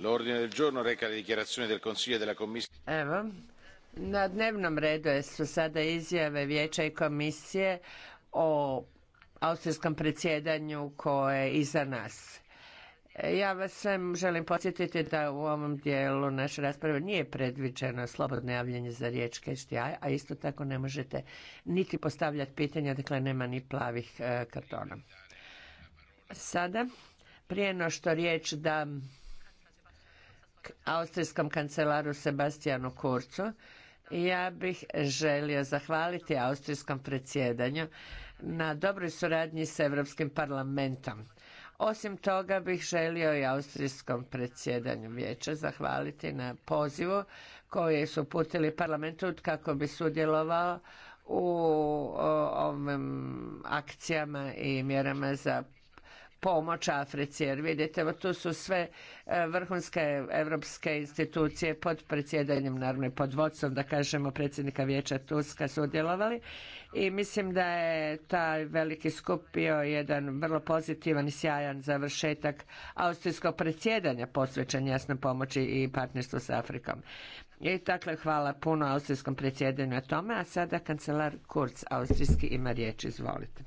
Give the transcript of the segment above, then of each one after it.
L'ordine del na dnevnom redu su sada izjave Vijeća i Komisije o austrijskom predsjedanju koje je iza nas. Ja vas sve želim podsjetiti da u ovom dijelu naše rasprave nije predviđeno slobodno javljanje za riječ KSTI, a isto tako ne možete niti postavljati pitanja, dakle nema ni plavih e, kartona. Sada, prije no što riječ da austrijskom kancelaru Sebastianu Kurcu. Ja bih želio zahvaliti austrijskom predsjedanju na dobroj suradnji s Europskim parlamentom. Osim toga bih želio i austrijskom predsjedanju vijeća zahvaliti na pozivu koji su uputili parlamentu kako bi sudjelovao u ovim akcijama i mjerama za pomoć Africi, jer vidite, tu su sve e, vrhunske evropske institucije pod predsjedanjem, naravno i pod vodstvom, da kažemo, predsjednika vijeća su sudjelovali i mislim da je taj veliki skup bio jedan vrlo pozitivan i sjajan završetak austrijskog predsjedanja posvećen jasno pomoći i partnerstvu s Afrikom. I dakle, hvala puno austrijskom predsjedanju na tome, a sada kancelar Kurz austrijski ima riječ, izvolite.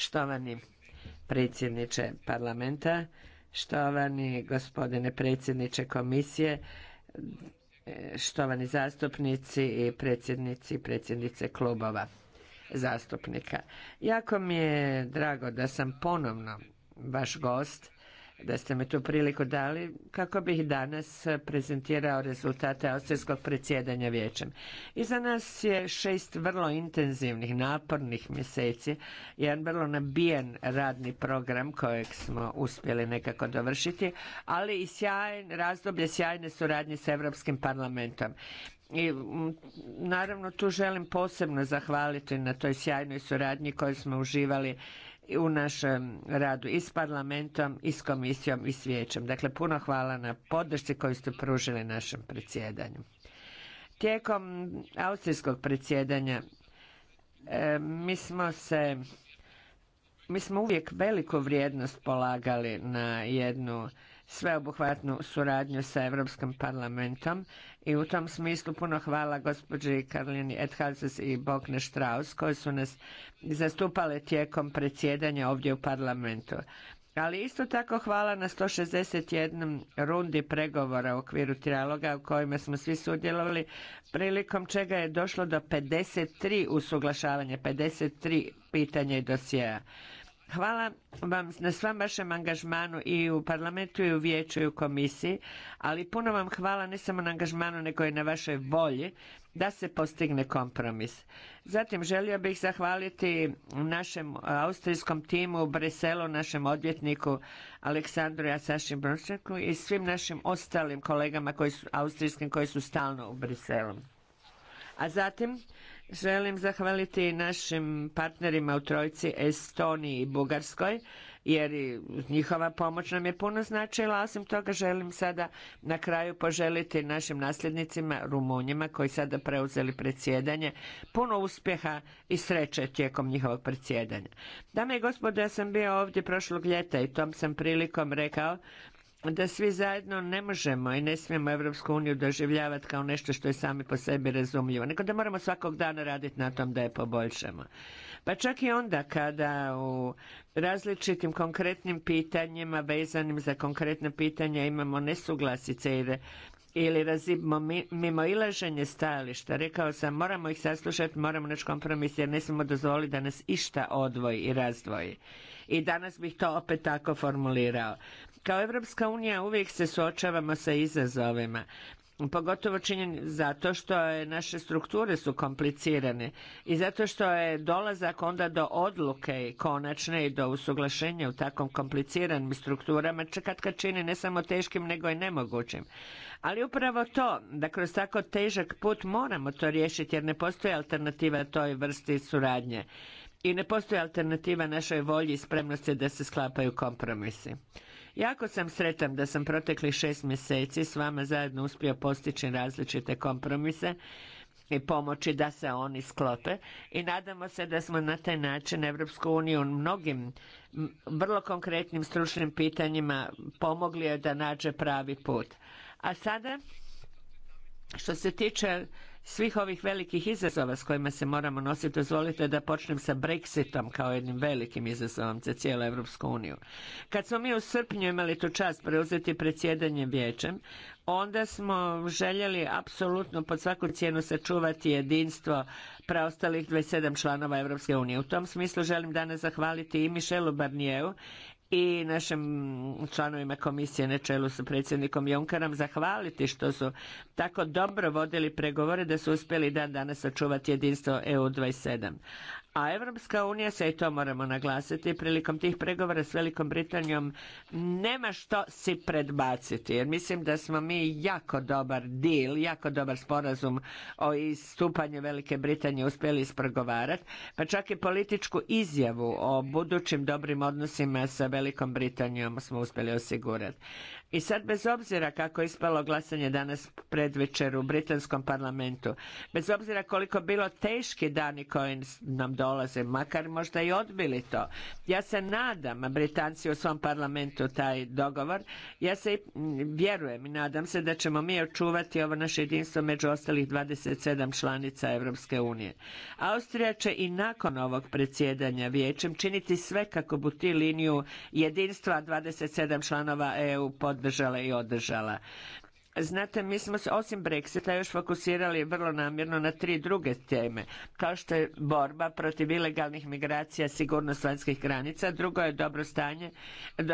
Štovani predsjedniče parlamenta, štovani gospodine predsjedniče komisije, štovani zastupnici i predsjednici i predsjednice klubova zastupnika. Jako mi je drago da sam ponovno vaš gost da ste mi tu priliku dali kako bih danas prezentirao rezultate austrijskog predsjedanja vijećem. Iza nas je šest vrlo intenzivnih, napornih mjeseci, jedan vrlo nabijen radni program kojeg smo uspjeli nekako dovršiti, ali i sjajan, razdoblje sjajne suradnje s Europskim parlamentom. I naravno tu želim posebno zahvaliti na toj sjajnoj suradnji koju smo uživali u našem radu i s parlamentom i s komisijom i s vijećem. Dakle, puno hvala na podršci koju ste pružili našem predsjedanju. Tijekom austrijskog predsjedanja e, mi smo se mi smo uvijek veliku vrijednost polagali na jednu sveobuhvatnu suradnju sa Europskim parlamentom i u tom smislu puno hvala gospođi Karlini Edhazes i Bokne Strauss koji su nas zastupale tijekom predsjedanja ovdje u parlamentu. Ali isto tako hvala na 161 rundi pregovora u okviru trialoga u kojima smo svi sudjelovali, prilikom čega je došlo do 53 usuglašavanja, 53 pitanja i dosjeja. Hvala vam na svam vašem angažmanu i u parlamentu i u vijeću i u komisiji, ali puno vam hvala ne samo na angažmanu nego i na vašoj volji da se postigne kompromis. Zatim želio bih zahvaliti našem austrijskom timu u Briselu, našem odvjetniku Aleksandru Jasaši brončaku i svim našim ostalim kolegama koji su, austrijskim koji su stalno u Briselu. A zatim Želim zahvaliti našim partnerima u Trojci Estoniji i Bugarskoj jer njihova pomoć nam je puno značila. Osim toga želim sada na kraju poželiti našim nasljednicima Rumunjima koji sada preuzeli predsjedanje puno uspjeha i sreće tijekom njihovog predsjedanja. Dame i gospodo, ja sam bio ovdje prošlog ljeta i tom sam prilikom rekao da svi zajedno ne možemo i ne smijemo Evropsku uniju doživljavati kao nešto što je sami po sebi razumljivo, nego da moramo svakog dana raditi na tom da je poboljšamo. Pa čak i onda kada u različitim konkretnim pitanjima, vezanim za konkretna pitanja, imamo nesuglasice ili razimo mimo ilaženje stajališta. Rekao sam, moramo ih saslušati, moramo naći kompromis jer ne smijemo dozvoliti da nas išta odvoji i razdvoji i danas bih to opet tako formulirao. Kao Evropska unija uvijek se suočavamo sa izazovima. Pogotovo činjen zato što naše strukture su komplicirane i zato što je dolazak onda do odluke konačne i do usuglašenja u takvom kompliciranim strukturama čekat kad čini ne samo teškim nego i nemogućim. Ali upravo to, da kroz tako težak put moramo to riješiti jer ne postoji alternativa toj vrsti suradnje i ne postoji alternativa našoj volji i spremnosti da se sklapaju kompromisi. Jako sam sretan da sam proteklih šest mjeseci s vama zajedno uspio postići različite kompromise i pomoći da se oni sklope i nadamo se da smo na taj način Evropsku uniju mnogim vrlo konkretnim stručnim pitanjima pomogli da nađe pravi put. A sada što se tiče svih ovih velikih izazova s kojima se moramo nositi, dozvolite da počnem sa Brexitom kao jednim velikim izazovom za cijelu Europsku uniju. Kad smo mi u srpnju imali tu čast preuzeti predsjedanje vijećem, onda smo željeli apsolutno pod svaku cijenu sačuvati jedinstvo preostalih 27 članova Europske unije. U tom smislu želim danas zahvaliti i Michelu Barnijevu i našim članovima komisije na čelu sa predsjednikom Junckerom zahvaliti što su tako dobro vodili pregovore da su uspjeli dan danas očuvati jedinstvo EU27. A Evropska unija, se i to moramo naglasiti, prilikom tih pregovora s Velikom Britanijom nema što si predbaciti. Jer mislim da smo mi jako dobar deal, jako dobar sporazum o istupanju Velike Britanije uspjeli ispregovarati. Pa čak i političku izjavu o budućim dobrim odnosima sa Velikom Velikom Britanijom smo uspjeli osigurati. I sad bez obzira kako je ispalo glasanje danas predvečer u britanskom parlamentu, bez obzira koliko bilo teški dani koji nam dolaze, makar možda i odbili to, ja se nadam, Britanci u svom parlamentu taj dogovor, ja se vjerujem i nadam se da ćemo mi očuvati ovo naše jedinstvo među ostalih 27 članica Europske unije. Austrija će i nakon ovog predsjedanja vijećem činiti sve kako bi ti liniju jedinstva 27 članova EU pod održala i održala. Znate, mi smo se osim Brexita još fokusirali vrlo namjerno na tri druge teme, kao što je borba protiv ilegalnih migracija, sigurnost vanjskih granica, drugo je dobro stanje,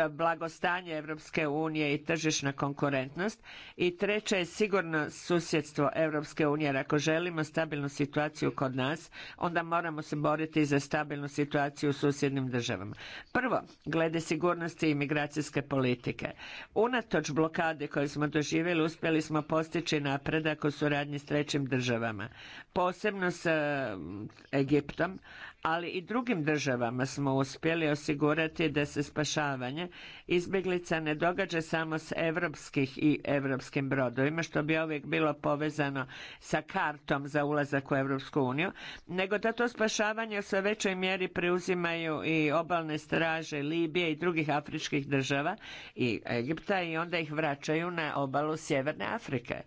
blagostanje Europske unije i tržišna konkurentnost i treće je sigurno susjedstvo Europske unije. Jer ako želimo stabilnu situaciju kod nas, onda moramo se boriti za stabilnu situaciju u susjednim državama. Prvo, glede sigurnosti i migracijske politike. Unatoč blokade koje smo doživjeli uspjeli smo postići napredak u suradnji s trećim državama, posebno sa mm, Egiptom, ali i drugim državama smo uspjeli osigurati da se spašavanje izbjeglica ne događa samo s europskih i europskim brodovima, što bi uvijek bilo povezano sa kartom za ulazak u Europsku uniju, nego da to spašavanje u sve većoj mjeri preuzimaju i obalne straže Libije i drugih afričkih država i Egipta i onda ih vraćaju na obalu Sjeverne Afrike.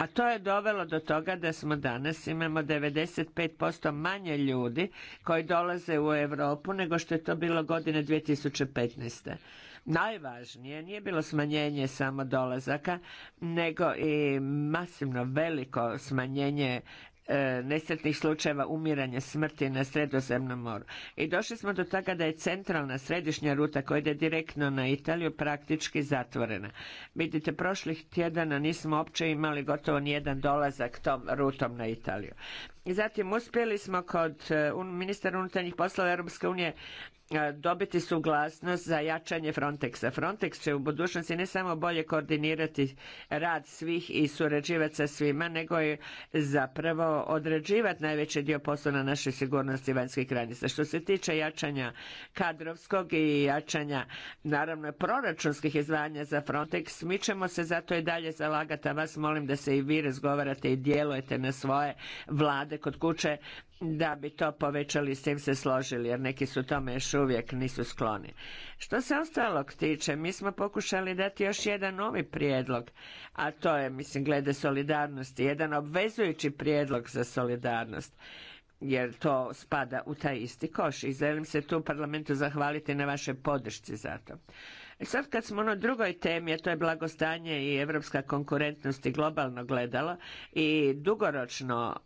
A to je dovelo do toga da smo danas imamo 95% manje ljudi koji dolaze u Europu nego što je to bilo godine 2015. Najvažnije nije bilo smanjenje samo dolazaka, nego i masivno veliko smanjenje E, nesretnih slučajeva umiranja smrti na sredozemnom moru. I došli smo do toga da je centralna središnja ruta koja ide direktno na Italiju praktički zatvorena. Vidite, prošlih tjedana nismo uopće imali gotovo nijedan dolazak tom rutom na Italiju. I zatim uspjeli smo kod e, ministara unutarnjih poslova Europske unije e, dobiti suglasnost za jačanje Frontexa. Frontex će u budućnosti ne samo bolje koordinirati rad svih i surađivati sa svima, nego i zapravo određivati najveći dio posla na našoj sigurnosti vanjskih granica. Što se tiče jačanja kadrovskog i jačanja naravno proračunskih izdvajanja za Frontex, mi ćemo se zato i dalje zalagati, a vas molim da se i vi razgovarate i djelujete na svoje vlade rade kod kuće da bi to povećali, s tim se složili, jer neki su tome još uvijek nisu skloni. Što se ostalog tiče, mi smo pokušali dati još jedan novi prijedlog, a to je, mislim, glede solidarnosti, jedan obvezujući prijedlog za solidarnost jer to spada u taj isti koš i želim se tu parlamentu zahvaliti na vašoj podršci za to. E sad kad smo na drugoj temi, a to je blagostanje i evropska konkurentnost i globalno gledalo i dugoročno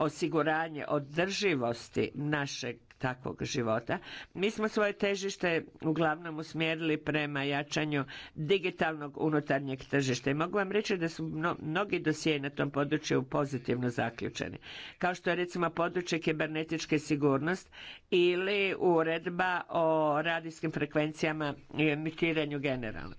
osiguranje održivosti našeg takvog života. Mi smo svoje težište uglavnom usmjerili prema jačanju digitalnog unutarnjeg tržišta. I mogu vam reći da su mnogi dosije na tom području pozitivno zaključeni. Kao što je recimo područje kibernetičke sigurnost ili uredba o radijskim frekvencijama i emitiranju generalno.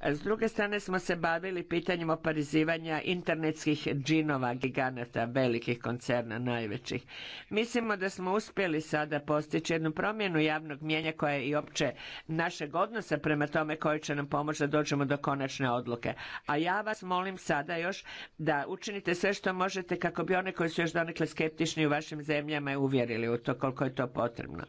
S druge strane smo se bavili pitanjem oparizivanja internetskih džinova, giganata, velikih koncerna, najvećih. Mislimo da smo uspjeli sada postići jednu promjenu javnog mijenja koja je i opće našeg odnosa prema tome koji će nam pomoći da dođemo do konačne odluke. A ja vas molim sada još da učinite sve što možete kako bi one koji su još donekle skeptični u vašim zemljama uvjerili u to koliko je to potrebno.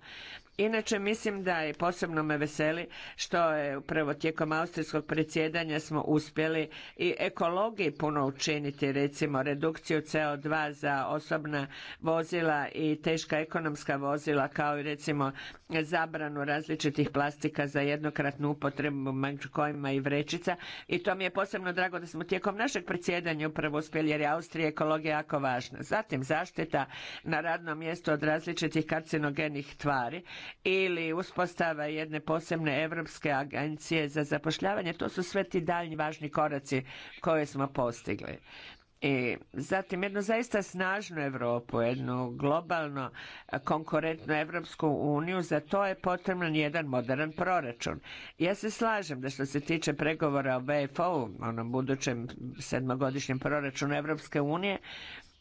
Inače mislim da je posebno me veseli što je upravo tijekom austrijskog predsjedanja smo uspjeli i ekologiji puno učiniti recimo redukciju CO2 za osobna vozila i teška ekonomska vozila kao i recimo zabranu različitih plastika za jednokratnu upotrebu među kojima i vrećica i to mi je posebno drago da smo tijekom našeg predsjedanja upravo uspjeli jer je Austrija ekologija jako važna. Zatim zaštita na radnom mjestu od različitih karcinogenih tvari ili uspostava jedne posebne Europske agencije za zapošljavanje. To su sve ti daljnji važni koraci koje smo postigli. I zatim jednu zaista snažnu Europu, jednu globalno konkurentnu Europsku uniju, za to je potreban jedan modern proračun. Ja se slažem da što se tiče pregovora o BFO-u, onom budućem sedmogodišnjem proračunu Europske unije,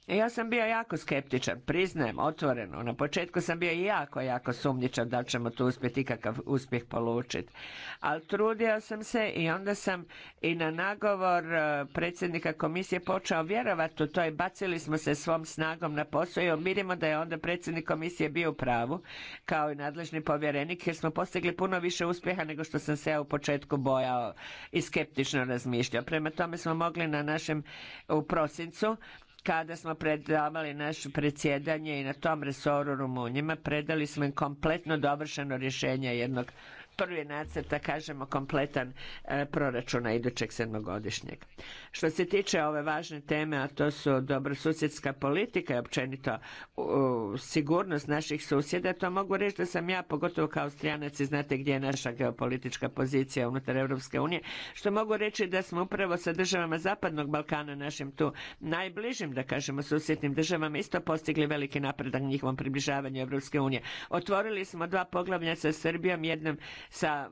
E, ja sam bio jako skeptičan, priznajem, otvoreno. Na početku sam bio jako, jako sumnjičan da ćemo tu uspjeti ikakav uspjeh polučiti. Ali trudio sam se i onda sam i na nagovor e, predsjednika komisije počeo vjerovati u to i bacili smo se svom snagom na posao i vidimo da je onda predsjednik komisije bio u pravu, kao i nadležni povjerenik, jer smo postigli puno više uspjeha nego što sam se ja u početku bojao i skeptično razmišljao. Prema tome smo mogli na našem u prosincu kada smo predavali naše predsjedanje i na tom resoru Rumunjima, predali smo kompletno dovršeno rješenje jednog prvi nacrt, da kažemo, kompletan e, proračuna idućeg sedmogodišnjeg. Što se tiče ove važne teme, a to su dobrosusjedska politika i općenito sigurnost naših susjeda, to mogu reći da sam ja, pogotovo kao Austrijanac i znate gdje je naša geopolitička pozicija unutar Europske unije, što mogu reći da smo upravo sa državama Zapadnog Balkana, našim tu najbližim, da kažemo, susjednim državama, isto postigli veliki napredak njihovom približavanju Europske unije. Otvorili smo dva poglavlja sa Srbijom, jednom sa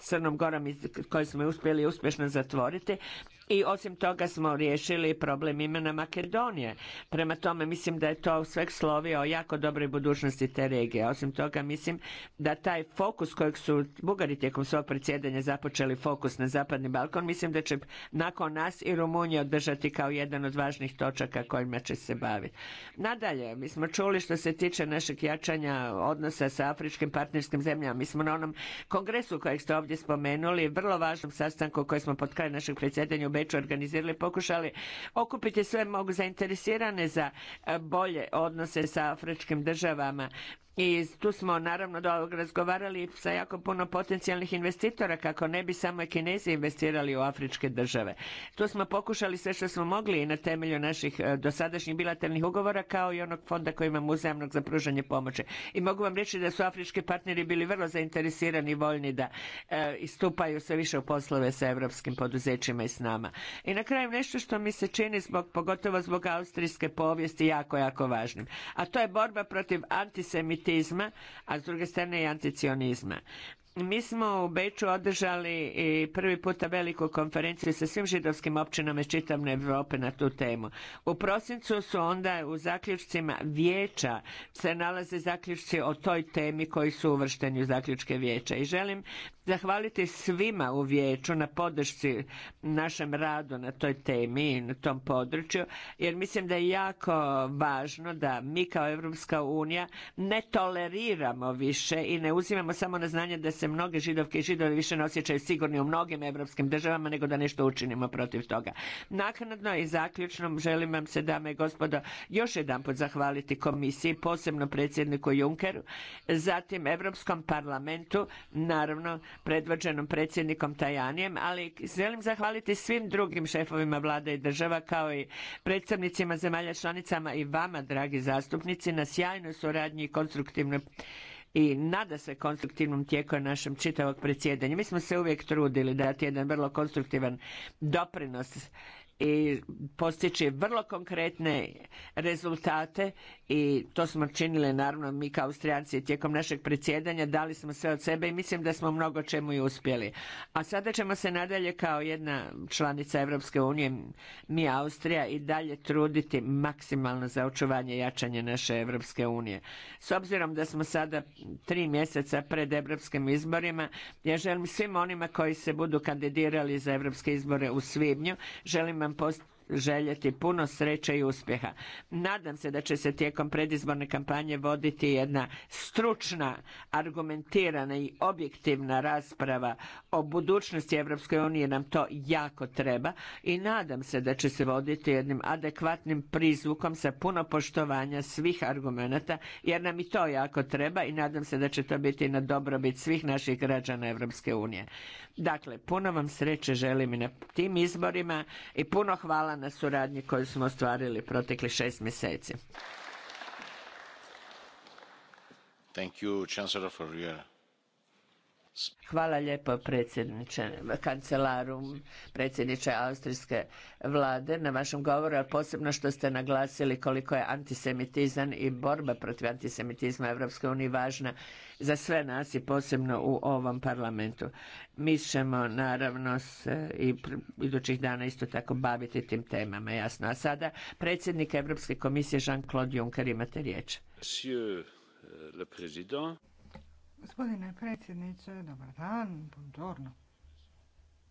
Crnom Gorom koje smo uspjeli uspješno zatvoriti i osim toga smo riješili problem imena Makedonije. Prema tome mislim da je to sveg slovi o jako dobroj budućnosti te regije. Osim toga mislim da taj fokus kojeg su Bugari tijekom svog predsjedanja započeli fokus na Zapadni Balkon, mislim da će nakon nas i Rumunija održati kao jedan od važnih točaka kojima će se baviti. Nadalje, mi smo čuli što se tiče našeg jačanja odnosa sa afričkim partnerskim zemljama. Mi smo na onom kongresu kojeg ste ovdje spomenuli, vrlo važnom sastanku koji smo pod kraj našeg predsjedanja Beču organizirali, pokušali okupiti sve mogu zainteresirane za e, bolje odnose sa afričkim državama i tu smo naravno razgovarali sa jako puno potencijalnih investitora kako ne bi samo Kinezi investirali u afričke države. Tu smo pokušali sve što smo mogli i na temelju naših e, dosadašnjih bilateralnih ugovora kao i onog fonda koji imamo uzajamnog za pružanje pomoći. I mogu vam reći da su afrički partneri bili vrlo zainteresirani i voljni da e, istupaju sve više u poslove sa europskim poduzećima i s nama. I na kraju nešto što mi se čini zbog, pogotovo zbog austrijske povijesti jako, jako važnim. A to je borba protiv antisemitizma antisemitizma, a s druge strane i anticionizma mi smo u Beču održali i prvi puta veliku konferenciju sa svim židovskim općinama iz čitavne Europe na tu temu. U prosincu su onda u zaključcima vijeća se nalaze zaključci o toj temi koji su uvršteni u zaključke vijeća. I želim zahvaliti svima u vijeću na podršci našem radu na toj temi i na tom području, jer mislim da je jako važno da mi kao Europska unija ne toleriramo više i ne uzimamo samo na znanje da se se mnoge židovke i židovi više ne osjećaju sigurni u mnogim europskim državama nego da nešto učinimo protiv toga. Naknadno i zaključno želim vam se, dame i gospodo, još jedanput zahvaliti komisiji, posebno predsjedniku Junkeru, zatim Europskom parlamentu, naravno predvođenom predsjednikom Tajanijem, ali želim zahvaliti svim drugim šefovima vlada i država kao i predstavnicima zemalja članicama i vama, dragi zastupnici, na sjajnoj suradnji i konstruktivnoj i nada se konstruktivnom tijeku našem čitavog predsjedanja. Mi smo se uvijek trudili dati jedan vrlo konstruktivan doprinos i postići vrlo konkretne rezultate i to smo činili naravno mi kao Austrijanci tijekom našeg predsjedanja dali smo sve od sebe i mislim da smo mnogo čemu i uspjeli. A sada ćemo se nadalje kao jedna članica Europske unije, mi Austrija i dalje truditi maksimalno za očuvanje i jačanje naše Europske unije. S obzirom da smo sada tri mjeseca pred europskim izborima, ja želim svim onima koji se budu kandidirali za europske izbore u svibnju, želim nam željeti puno sreće i uspjeha. Nadam se da će se tijekom predizborne kampanje voditi jedna stručna, argumentirana i objektivna rasprava o budućnosti Europske unije nam to jako treba i nadam se da će se voditi jednim adekvatnim prizvukom sa puno poštovanja svih argumenata jer nam i to jako treba i nadam se da će to biti na dobrobit svih naših građana Europske unije. Dakle, puno vam sreće želim i na tim izborima i puno hvala na suradnji koju smo ostvarili proteklih šest mjeseci. Thank you, Chancellor, for your Hvala lijepo predsjedniče, kancelaru, predsjedniče austrijske vlade na vašem govoru, a posebno što ste naglasili koliko je antisemitizam i borba protiv antisemitizma Europske unije važna za sve nas i posebno u ovom parlamentu. Mi ćemo naravno se i idućih dana isto tako baviti tim temama, jasno. A sada predsjednik Europske komisije Jean-Claude Juncker imate riječ. Monsieur euh, le président. Gospodine predsjedniče, dobar dan, buongiorno.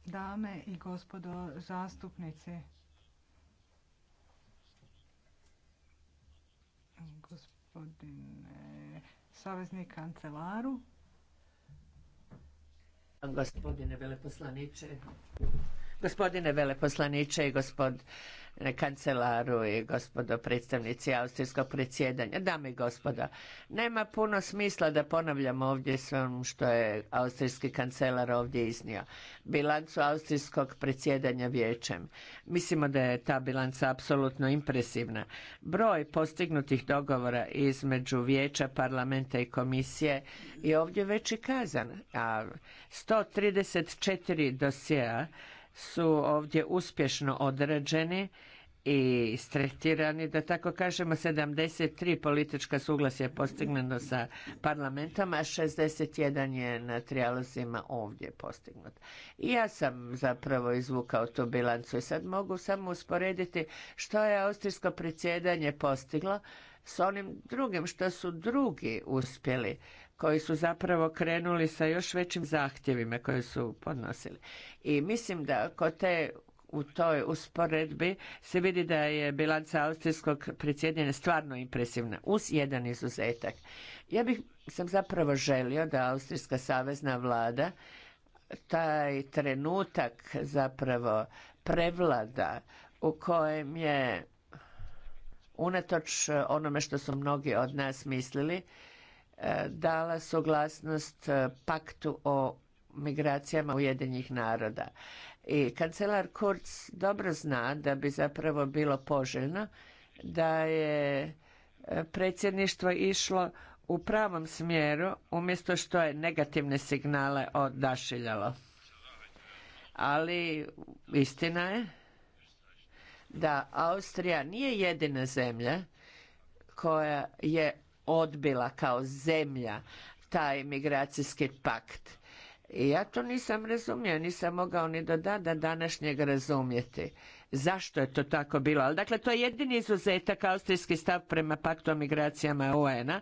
Dame i gospodo zastupnici, gospodine savezni kancelaru. Gospodine veleposlaniče, Gospodine veleposlaniče i gospod kancelaru i gospodo predstavnici austrijskog predsjedanja, dame i gospoda, nema puno smisla da ponavljamo ovdje sve ono što je austrijski kancelar ovdje iznio. Bilancu austrijskog predsjedanja vijećem. Mislimo da je ta bilanca apsolutno impresivna. Broj postignutih dogovora između vijeća, parlamenta i komisije je ovdje već i kazan. A 134 dosjea su ovdje uspješno određeni i stretirani da tako kažemo, 73 politička suglasja je postignuto sa parlamentom, a 61 je na trijalozima ovdje postignut. I ja sam zapravo izvukao tu bilancu i sad mogu samo usporediti što je austrijsko predsjedanje postiglo s onim drugim, što su drugi uspjeli koji su zapravo krenuli sa još većim zahtjevima koje su podnosili. I mislim da kod te u toj usporedbi se vidi da je bilanca austrijskog predsjedanja stvarno impresivna, uz jedan izuzetak. Ja bih sam zapravo želio da austrijska savezna vlada taj trenutak zapravo prevlada u kojem je unatoč onome što su mnogi od nas mislili E, dala suglasnost e, paktu o migracijama Ujedinjenih naroda. I kancelar Kurz dobro zna da bi zapravo bilo poželjno da je e, predsjedništvo išlo u pravom smjeru umjesto što je negativne signale odašiljalo. Ali istina je da Austrija nije jedina zemlja koja je odbila kao zemlja taj migracijski pakt. I ja to nisam razumio, nisam mogao ni do dana današnjeg razumjeti. Zašto je to tako bilo? Ali dakle, to je jedini izuzetak austrijski stav prema paktu o migracijama UN-a,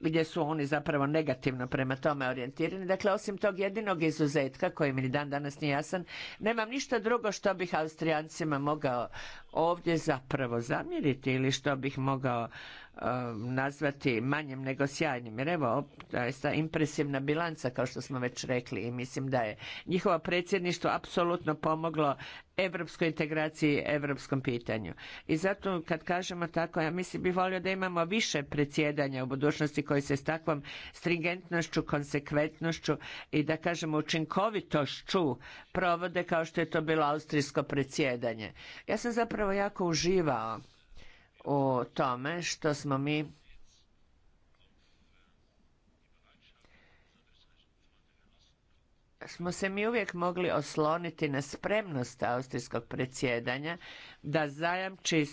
gdje su oni zapravo negativno prema tome orijentirani. Dakle, osim tog jedinog izuzetka, koji mi dan danas nije jasan, nemam ništa drugo što bih austrijancima mogao ovdje zapravo zamjeriti ili što bih mogao Um, nazvati manjim nego sjajnim. Jer evo, zaista impresivna bilanca kao što smo već rekli i mislim da je njihovo predsjedništvo apsolutno pomoglo europskoj integraciji, europskom pitanju. I zato kad kažemo tako, ja mislim bi volio da imamo više predsjedanja u budućnosti koji se s takvom stringentnošću, konsekventnošću i da kažemo učinkovitošću provode kao što je to bilo austrijsko predsjedanje. Ja sam zapravo jako uživao u tome što smo mi smo se mi uvijek mogli osloniti na spremnost austrijskog predsjedanja da zajamči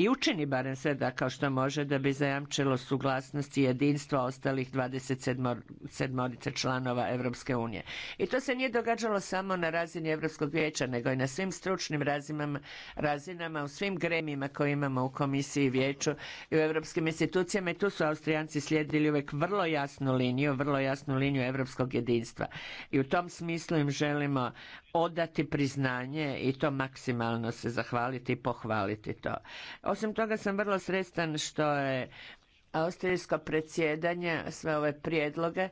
i učini barem sve da kao što može da bi zajamčilo suglasnost i jedinstvo ostalih 27 sedmorice članova Europske unije. I to se nije događalo samo na razini Europskog vijeća, nego i na svim stručnim razinama, razinama u svim gremijima koje imamo u komisiji i vijeću i u europskim institucijama i tu su Austrijanci slijedili uvijek vrlo jasnu liniju, vrlo jasnu liniju europskog jedinstva. I u tom smislu im želimo odati priznanje i to maksimalno se zahvaliti i pohvaliti to. Osim toga sam vrlo sretan što je austrijsko predsjedanje sve ove prijedloge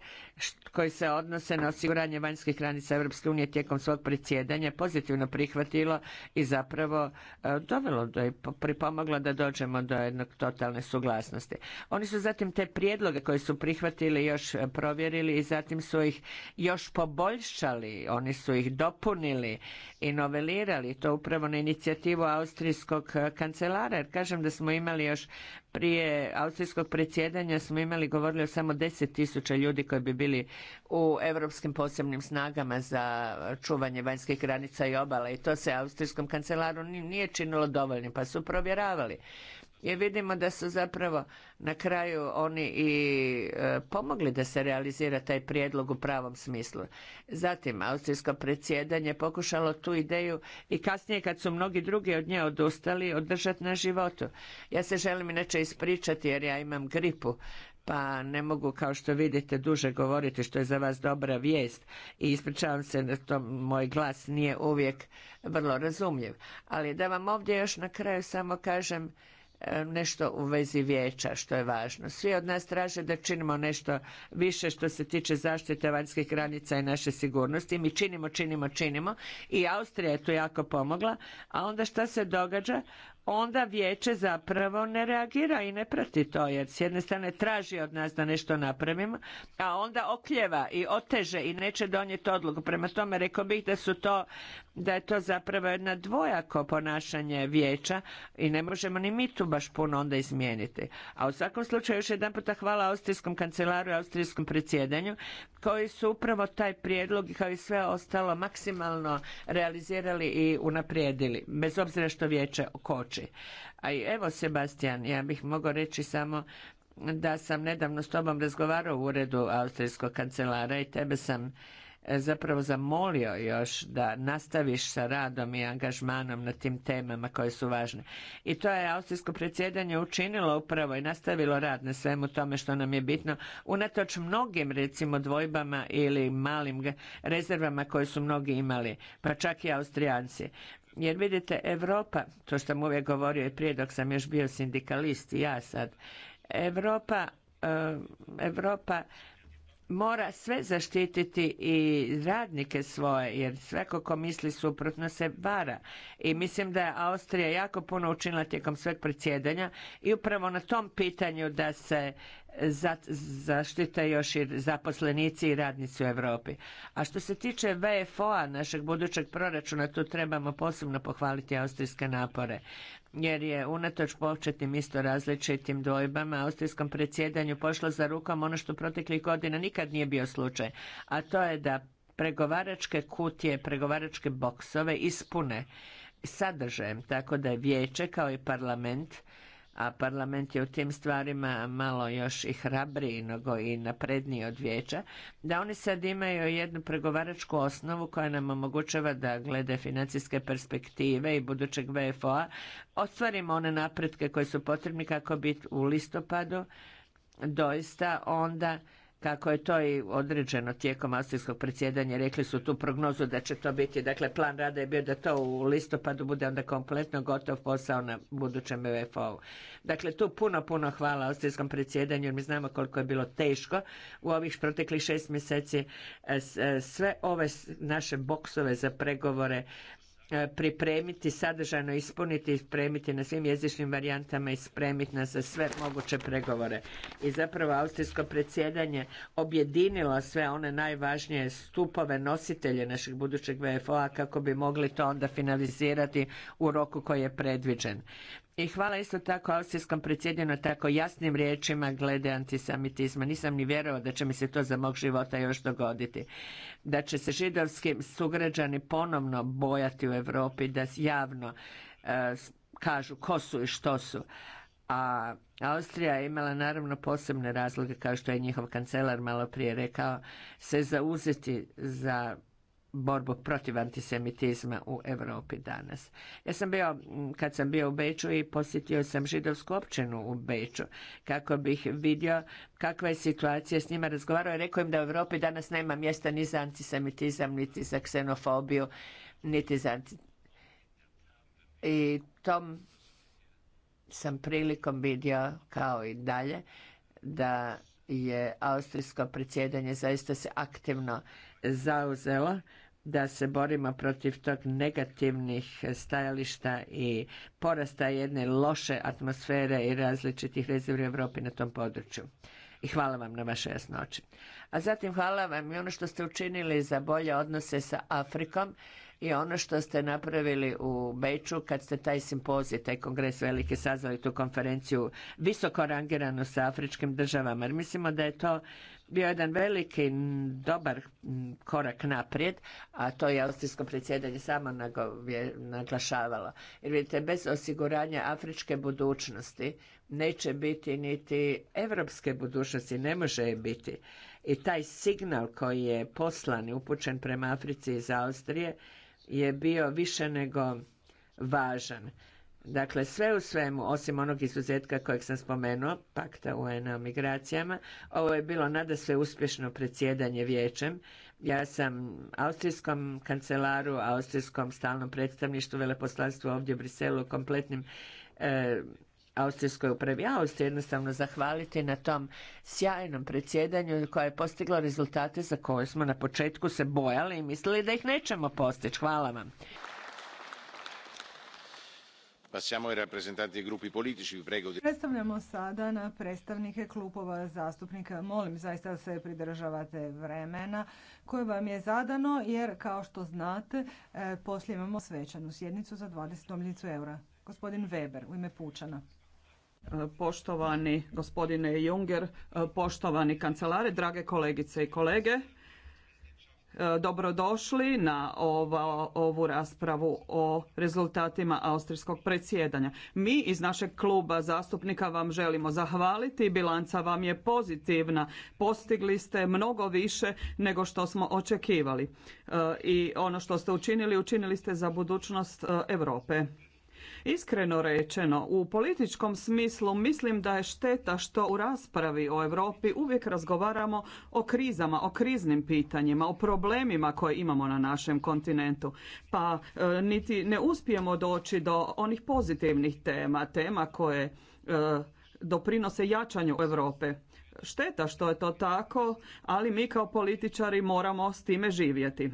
koji se odnose na osiguranje vanjskih granica Europske unije tijekom svog predsjedanja pozitivno prihvatilo i zapravo e, dovelo do i pripomoglo da dođemo do jednog totalne suglasnosti. Oni su zatim te prijedloge koje su prihvatili još e, provjerili i zatim su ih još poboljšali, oni su ih dopunili i novelirali to upravo na inicijativu austrijskog e, kancelara jer kažem da smo imali još prije austrijskog predsjedanja smo imali, govorili o samo 10.000 ljudi koji bi bili u europskim posebnim snagama za čuvanje vanjskih granica i obala i to se austrijskom kancelaru nije činilo dovoljnim, pa su provjeravali jer vidimo da su zapravo na kraju oni i e, pomogli da se realizira taj prijedlog u pravom smislu. Zatim, austrijsko predsjedanje pokušalo tu ideju i kasnije kad su mnogi drugi od nje odustali, održati na životu. Ja se želim inače ispričati jer ja imam gripu, pa ne mogu kao što vidite duže govoriti što je za vas dobra vijest i ispričavam se da to moj glas nije uvijek vrlo razumljiv. Ali da vam ovdje još na kraju samo kažem nešto u vezi vijeća što je važno. Svi od nas traže da činimo nešto više što se tiče zaštite vanjskih granica i naše sigurnosti. Mi činimo, činimo, činimo i Austrija je tu jako pomogla, a onda šta se događa? onda vijeće zapravo ne reagira i ne prati to jer s jedne strane traži od nas da nešto napravimo, a onda okljeva i oteže i neće donijeti odluku. Prema tome rekao bih da su to da je to zapravo jedna dvojako ponašanje vijeća i ne možemo ni mi tu baš puno onda izmijeniti. A u svakom slučaju još jedan puta hvala Austrijskom kancelaru i Austrijskom predsjedanju koji su upravo taj prijedlog kao i sve ostalo maksimalno realizirali i unaprijedili bez obzira što vijeće koče. A i evo Sebastian, ja bih mogao reći samo da sam nedavno s tobom razgovarao u uredu austrijskog kancelara i tebe sam e, zapravo zamolio još da nastaviš sa radom i angažmanom na tim temama koje su važne. I to je austrijsko predsjedanje učinilo upravo i nastavilo rad na svemu tome što nam je bitno, unatoč mnogim recimo dvojbama ili malim rezervama koje su mnogi imali, pa čak i austrijanci. Jer vidite, Europa, to što sam uvijek govorio i prije dok sam još bio sindikalist i ja sad, Europa, Europa mora sve zaštititi i radnike svoje, jer svako ko misli suprotno se vara. I mislim da je Austrija jako puno učinila tijekom sveg predsjedanja i upravo na tom pitanju da se zaštite još i zaposlenici i radnici u Europi. A što se tiče VFO-a, našeg budućeg proračuna, tu trebamo posebno pohvaliti austrijske napore jer je unatoč početnim isto različitim dojbama austrijskom predsjedanju pošlo za rukom ono što proteklih godina nikad nije bio slučaj, a to je da pregovaračke kutije, pregovaračke boksove ispune sadržajem, tako da je vijeće kao i parlament a parlament je u tim stvarima malo još i hrabriji nego i napredniji od vijeća, da oni sad imaju jednu pregovaračku osnovu koja nam omogućava da glede financijske perspektive i budućeg VFO-a ostvarimo one napretke koje su potrebni kako bi u listopadu doista onda kako je to i određeno tijekom austrijskog predsjedanja, rekli su tu prognozu da će to biti, dakle plan rada je bio da to u listopadu bude onda kompletno gotov posao na budućem UFO-u. Dakle, tu puno, puno hvala austrijskom predsjedanju jer mi znamo koliko je bilo teško u ovih proteklih šest mjeseci e, e, sve ove naše boksove za pregovore E, pripremiti, sadržajno ispuniti i spremiti na svim jezičnim varijantama i spremiti nas za sve moguće pregovore. I zapravo austrijsko predsjedanje objedinilo sve one najvažnije stupove nositelje našeg budućeg VFO-a kako bi mogli to onda finalizirati u roku koji je predviđen. I hvala isto tako austrijskom predsjedanju tako jasnim riječima glede antisemitizma. Nisam ni vjerovao da će mi se to za mog života još dogoditi. Da će se židovski sugrađani ponovno bojati u Europi da javno e, kažu ko su i što su. A Austrija je imala naravno posebne razloge, kao što je njihov kancelar malo rekao, se zauzeti za borbu protiv antisemitizma u Europi danas. Ja sam bio, kad sam bio u Beču i posjetio sam židovsku općinu u Beču kako bih vidio kakva je situacija s njima razgovarao i rekao im da u Europi danas nema mjesta ni za antisemitizam, niti za ksenofobiju, niti za I tom sam prilikom vidio kao i dalje da je austrijsko predsjedanje zaista se aktivno zauzela da se borimo protiv tog negativnih stajališta i porasta jedne loše atmosfere i različitih rezervi u Europi na tom području. I hvala vam na vašoj jasnoći. A zatim hvala vam i ono što ste učinili za bolje odnose sa Afrikom i ono što ste napravili u Beču kad ste taj simpozij, taj kongres veliki sazvali tu konferenciju visoko rangiranu sa afričkim državama. Jer mislimo da je to bio jedan veliki dobar korak naprijed, a to je austrijsko predsjedanje samo naglašavalo. Jer vidite, bez osiguranja afričke budućnosti neće biti niti evropske budućnosti, ne može je biti. I taj signal koji je poslan i upućen prema Africi iz Austrije je bio više nego važan. Dakle, sve u svemu, osim onog izuzetka kojeg sam spomenuo, pakta UN o migracijama, ovo je bilo nada sve uspješno predsjedanje vijećem. Ja sam austrijskom kancelaru, austrijskom stalnom predstavništvu, veleposlanstvu ovdje u Briselu, kompletnim e, austrijskoj upravi Austrije jednostavno zahvaliti na tom sjajnom predsjedanju koja je postigla rezultate za koje smo na početku se bojali i mislili da ih nećemo postići. Hvala vam. Predstavljamo sada na predstavnike klubova zastupnika. Molim zaista da se pridržavate vremena koje vam je zadano jer kao što znate e, poslije imamo svečanu sjednicu za 20 domljicu eura. Gospodin Weber u ime Pučana. Poštovani gospodine Junger, poštovani kancelare, drage kolegice i kolege, dobrodošli na ovu raspravu o rezultatima austrijskog predsjedanja. Mi iz našeg kluba zastupnika vam želimo zahvaliti, bilanca vam je pozitivna, postigli ste mnogo više nego što smo očekivali e, i ono što ste učinili, učinili ste za budućnost e, Europe. Iskreno rečeno, u političkom smislu mislim da je šteta što u raspravi o Europi uvijek razgovaramo o krizama, o kriznim pitanjima, o problemima koje imamo na našem kontinentu. Pa e, niti ne uspijemo doći do onih pozitivnih tema, tema koje e, doprinose jačanju Europe. Šteta što je to tako, ali mi kao političari moramo s time živjeti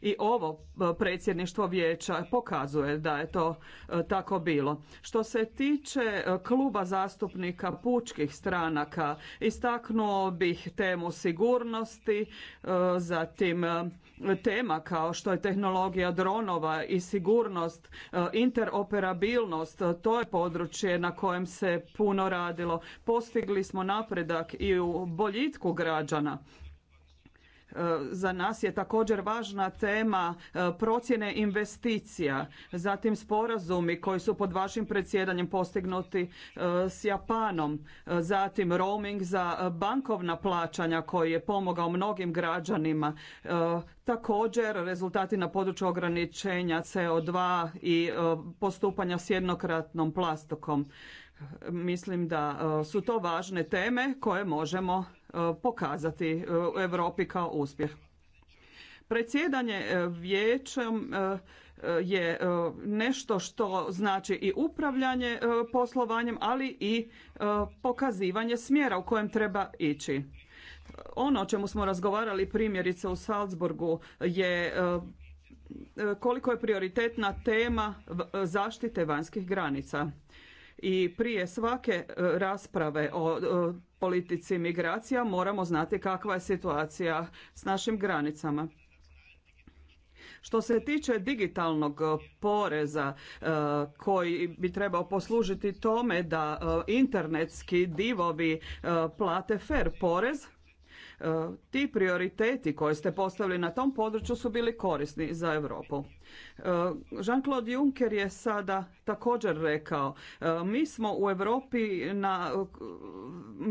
i ovo e, predsjedništvo vijeća pokazuje da je to e, tako bilo. Što se tiče e, kluba zastupnika pučkih stranaka, istaknuo bih temu sigurnosti, zatim tema kao što je tehnologija dronova i sigurnost, interoperabilnost, to je područje na kojem se puno radilo. Postigli smo napredak i u boljitku građana za nas je također važna tema e, procjene investicija, zatim sporazumi koji su pod vašim predsjedanjem postignuti e, s Japanom, e, zatim roaming za bankovna plaćanja koji je pomogao mnogim građanima, također rezultati na području ograničenja CO2 i postupanja s jednokratnom plastokom. Mislim da su to važne teme koje možemo E, pokazati u e, Europi kao uspjeh. Predsjedanje e, vijećem je nešto što znači i upravljanje poslovanjem, ali i pokazivanje smjera u kojem treba ići. Ono o čemu smo razgovarali primjerice u Salzburgu je koliko je prioritetna tema zaštite vanjskih granica i prije svake e, rasprave o politici migracija moramo znati kakva je situacija s našim granicama. Što se tiče digitalnog e, poreza e, koji bi trebao poslužiti tome da internetski divovi plate fer porez, E, ti prioriteti koje ste postavili na tom području su bili korisni za Europu. E, Jean-Claude Juncker je sada također rekao e, mi smo u Europi na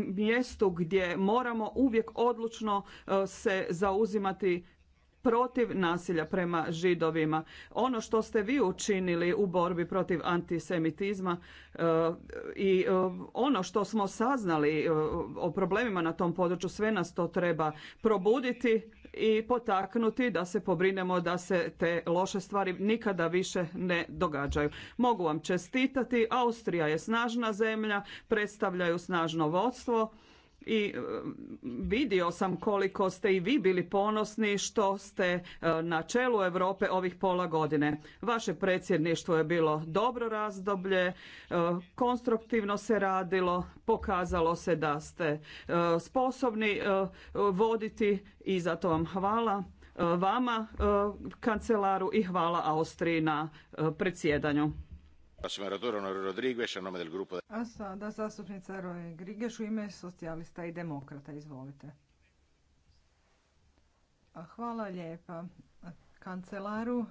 mjestu gdje moramo uvijek odlučno se zauzimati protiv nasilja prema židovima. Ono što ste vi učinili u borbi protiv antisemitizma eh, i eh, ono što smo saznali eh, o problemima na tom području, sve nas to treba probuditi i potaknuti da se pobrinemo da se te loše stvari nikada više ne događaju. Mogu vam čestitati, Austrija je snažna zemlja, predstavljaju snažno vodstvo i e, vidio sam koliko ste i vi bili ponosni što ste e, na čelu Europe ovih pola godine. Vaše predsjedništvo je bilo dobro razdoblje, e, konstruktivno se radilo, pokazalo se da ste sposobni voditi i zato vam hvala vama kancelaru i hvala Austriji na predsjedanju. A sada zastupnica Grigeš u ime socijalista i demokrata. Izvolite. Hvala lijepa kancelaru.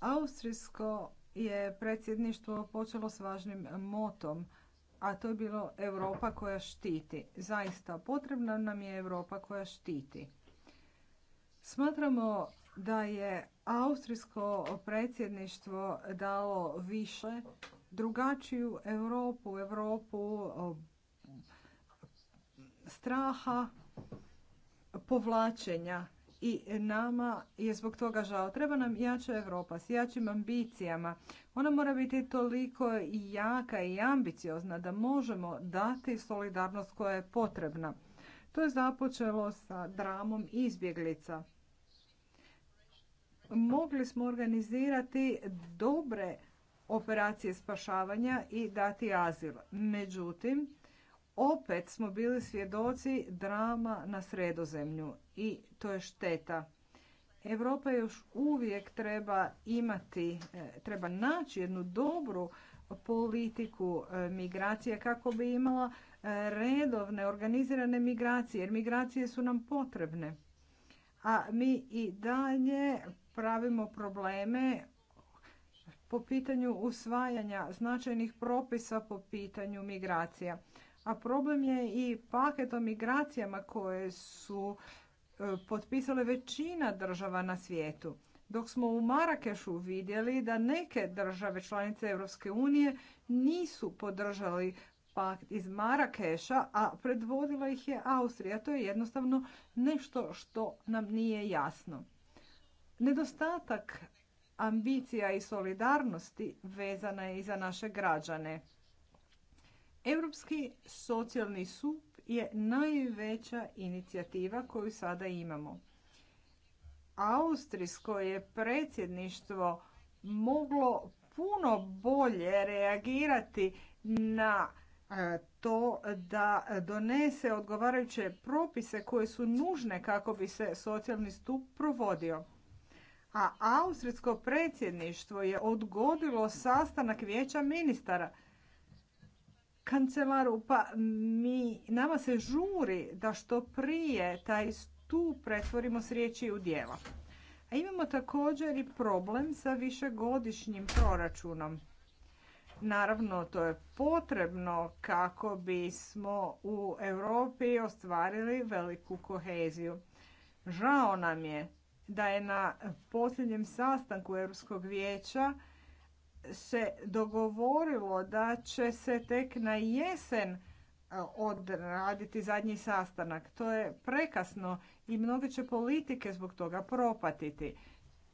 Austrijsko je predsjedništvo počelo s važnim motom, a to je bilo Europa koja štiti. Zaista potrebna nam je Europa koja štiti. Smatramo da je austrijsko predsjedništvo dalo više drugačiju Europu, Europu straha, povlačenja i nama je zbog toga žao. Treba nam jača Europa s jačim ambicijama. Ona mora biti toliko jaka i ambiciozna da možemo dati solidarnost koja je potrebna. To je započelo sa dramom izbjeglica mogli smo organizirati dobre operacije spašavanja i dati azil. Međutim, opet smo bili svjedoci drama na sredozemlju i to je šteta. Europa još uvijek treba imati, e, treba naći jednu dobru politiku e, migracije kako bi imala e, redovne, organizirane migracije, jer migracije su nam potrebne. A mi i dalje pravimo probleme po pitanju usvajanja značajnih propisa po pitanju migracija. A problem je i paket o migracijama koje su e, potpisale većina država na svijetu. Dok smo u Marakešu vidjeli da neke države članice Europske unije nisu podržali pakt iz Marakeša, a predvodila ih je Austrija. To je jednostavno nešto što nam nije jasno. Nedostatak ambicija i solidarnosti vezana je i za naše građane. Europski socijalni sup je najveća inicijativa koju sada imamo. Austrijsko je predsjedništvo moglo puno bolje reagirati na e, to da donese odgovarajuće propise koje su nužne kako bi se socijalni stup provodio a austrijsko predsjedništvo je odgodilo sastanak vijeća ministara. Kancelaru, pa mi, nama se žuri da što prije taj tu pretvorimo s riječi u djela. A imamo također i problem sa višegodišnjim proračunom. Naravno, to je potrebno kako bismo u Europi ostvarili veliku koheziju. Žao nam je da je na posljednjem sastanku Europskog vijeća se dogovorilo da će se tek na jesen e, odraditi zadnji sastanak. To je prekasno i mnoge će politike zbog toga propatiti.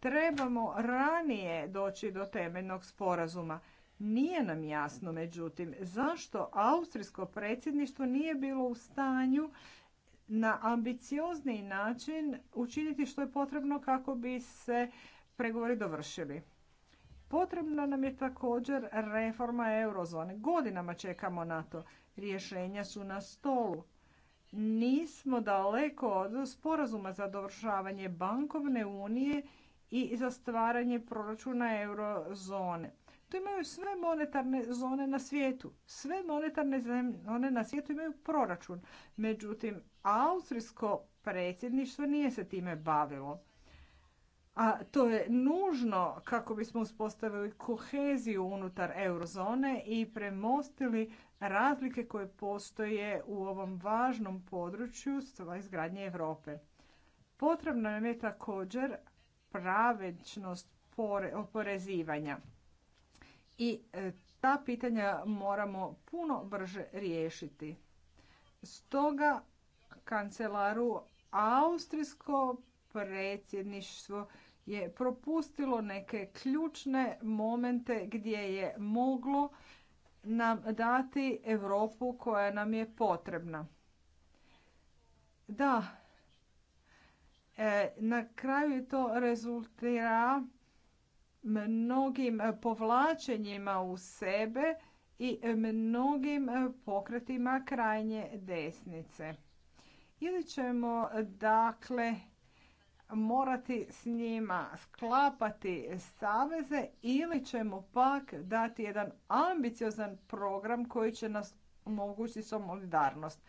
Trebamo ranije doći do temeljnog sporazuma. Nije nam jasno, međutim, zašto austrijsko predsjedništvo nije bilo u stanju na ambiciozni način učiniti što je potrebno kako bi se pregovori dovršili. Potrebna nam je također reforma eurozone. Godinama čekamo na to. Rješenja su na stolu. Nismo daleko od sporazuma za dovršavanje bankovne unije i za stvaranje proračuna eurozone. To imaju sve monetarne zone na svijetu. Sve monetarne zone na svijetu imaju proračun. Međutim, austrijsko predsjedništvo nije se time bavilo. A to je nužno kako bismo uspostavili koheziju unutar eurozone i premostili razlike koje postoje u ovom važnom području izgradnje Europe. Potrebno nam je također pravičnost oporezivanja i e, ta pitanja moramo puno brže riješiti. Stoga kancelaru Austrijsko predsjedništvo je propustilo neke ključne momente gdje je moglo nam dati Europu koja nam je potrebna. Da, e, na kraju to rezultira mnogim e, povlačenjima u sebe i e, mnogim e, pokretima krajnje desnice. Ili ćemo dakle morati s njima sklapati saveze ili ćemo pak dati jedan ambiciozan program koji će nas omogućiti solidarnost.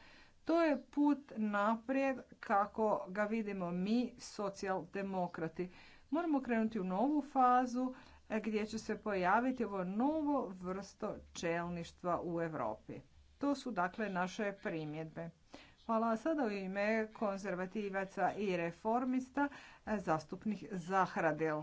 To je put naprijed kako ga vidimo mi socijaldemokrati. Moramo krenuti u novu fazu e, gdje će se pojaviti ovo novo vrsto čelništva u Europi. To su dakle naše primjedbe. Hvala sada u ime konzervativaca i reformista e, zastupnih Zahradil.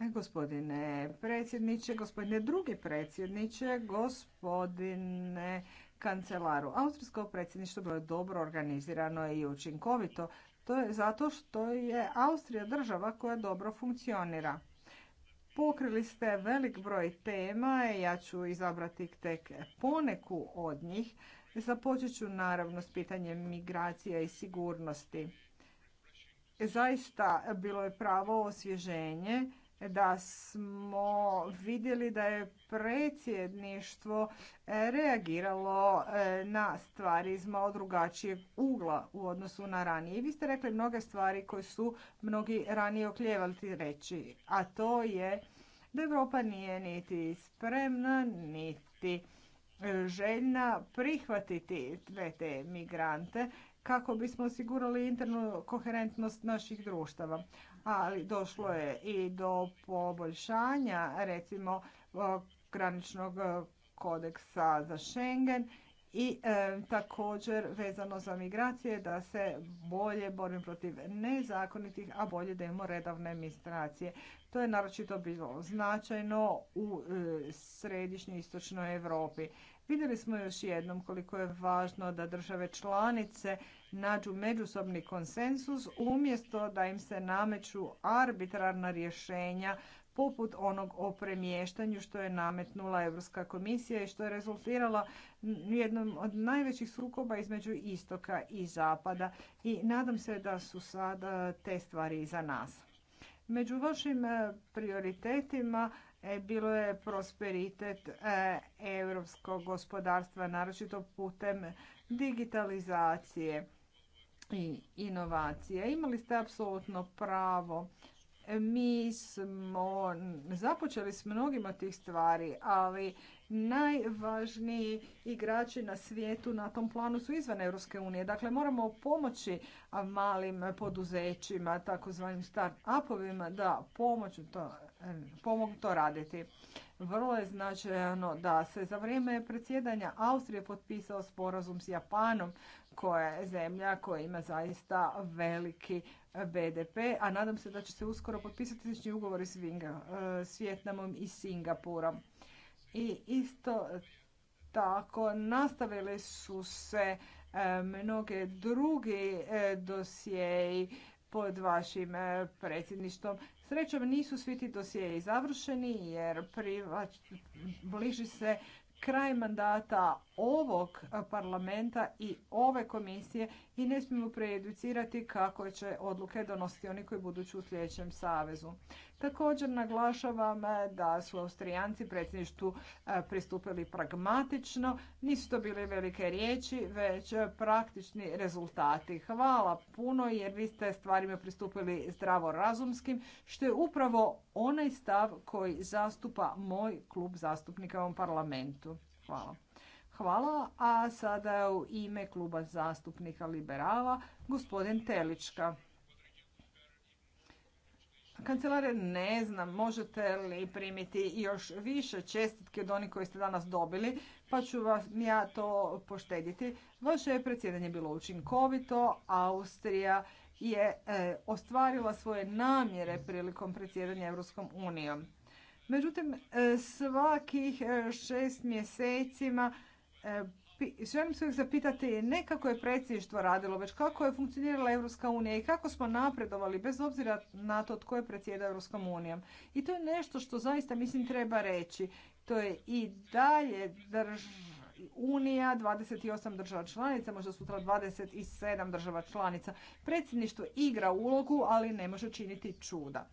E, gospodine predsjedniče, gospodine drugi predsjedniče, gospodine kancelaru. Austrijsko predsjedništvo bilo je dobro organizirano i učinkovito to je zato što je Austrija država koja dobro funkcionira. Pokrili ste velik broj tema, ja ću izabrati tek poneku od njih. Započet ću naravno s pitanjem migracija i sigurnosti. Zaista bilo je pravo osvježenje da smo vidjeli da je predsjedništvo e, reagiralo e, na stvari iz malo drugačijeg ugla u odnosu na ranije. I vi ste rekli mnoge stvari koje su mnogi ranije okljevali reći, a to je da Europa nije niti spremna, niti e, željna prihvatiti sve te migrante kako bismo osigurali internu koherentnost naših društava ali došlo je i do poboljšanja recimo e, graničnog kodeksa za Schengen i e, također vezano za migracije da se bolje borim protiv nezakonitih, a bolje da imamo redovne administracije. To je naročito bilo značajno u e, središnjoj istočnoj Europi. Vidjeli smo još jednom koliko je važno da države članice nađu međusobni konsensus umjesto da im se nameću arbitrarna rješenja poput onog o premještanju što je nametnula Europska komisija i što je rezultirala jednom od najvećih sukoba između istoka i zapada i nadam se da su sada te stvari iza nas. Među vašim e, prioritetima e, bilo je prosperitet e, europskog gospodarstva, naročito putem digitalizacije i inovacije. Imali ste apsolutno pravo mi smo započeli s mnogima tih stvari, ali najvažniji igrači na svijetu na tom planu su izvan Europske unije. Dakle, moramo pomoći malim poduzećima, takozvanim start-upovima, da pomoću to, pomogu to raditi. Vrlo je značajno da se za vrijeme predsjedanja Austrije potpisao sporazum s Japanom koja je zemlja koja ima zaista veliki eh, BDP, a nadam se da će se uskoro potpisati slični ugovori s, Vinga, eh, Vjetnamom i Singapurom. I isto tako nastavili su se eh, mnoge drugi dosjeji pod vašim predsjedništvom. Srećom nisu svi ti dosjeji završeni jer bliži se kraj mandata ovog eh, parlamenta i ove komisije i ne smijemo preeducirati kako će odluke donositi oni koji budući u sljedećem savezu. Također naglašavam eh, da su Austrijanci predsjedništvu eh, pristupili pragmatično, nisu to bile velike riječi, već eh, praktični rezultati. Hvala puno jer vi ste stvarima pristupili razumskim, što je upravo onaj stav koji zastupa moj klub zastupnika u ovom parlamentu. Hvala. Hvala, a sada u ime kluba zastupnika Liberala gospodin Telička. Kancelare, ne znam, možete li primiti još više čestitke od onih koje ste danas dobili, pa ću vas ja to poštediti. Vaše je predsjedanje bilo učinkovito, Austrija je e, ostvarila svoje namjere prilikom predsjedanja Europskom unijom. Međutim, e, svakih e, šest mjesecima E, želim se uvijek zapitati ne kako je predsjedništvo radilo, već kako je funkcionirala Europska unija i kako smo napredovali bez obzira na to tko je predsjeda EU. I to je nešto što zaista mislim treba reći. To je i dalje drž... Unija, 28 država članica, možda sutra 27 država članica. Predsjedništvo igra ulogu, ali ne može činiti čuda.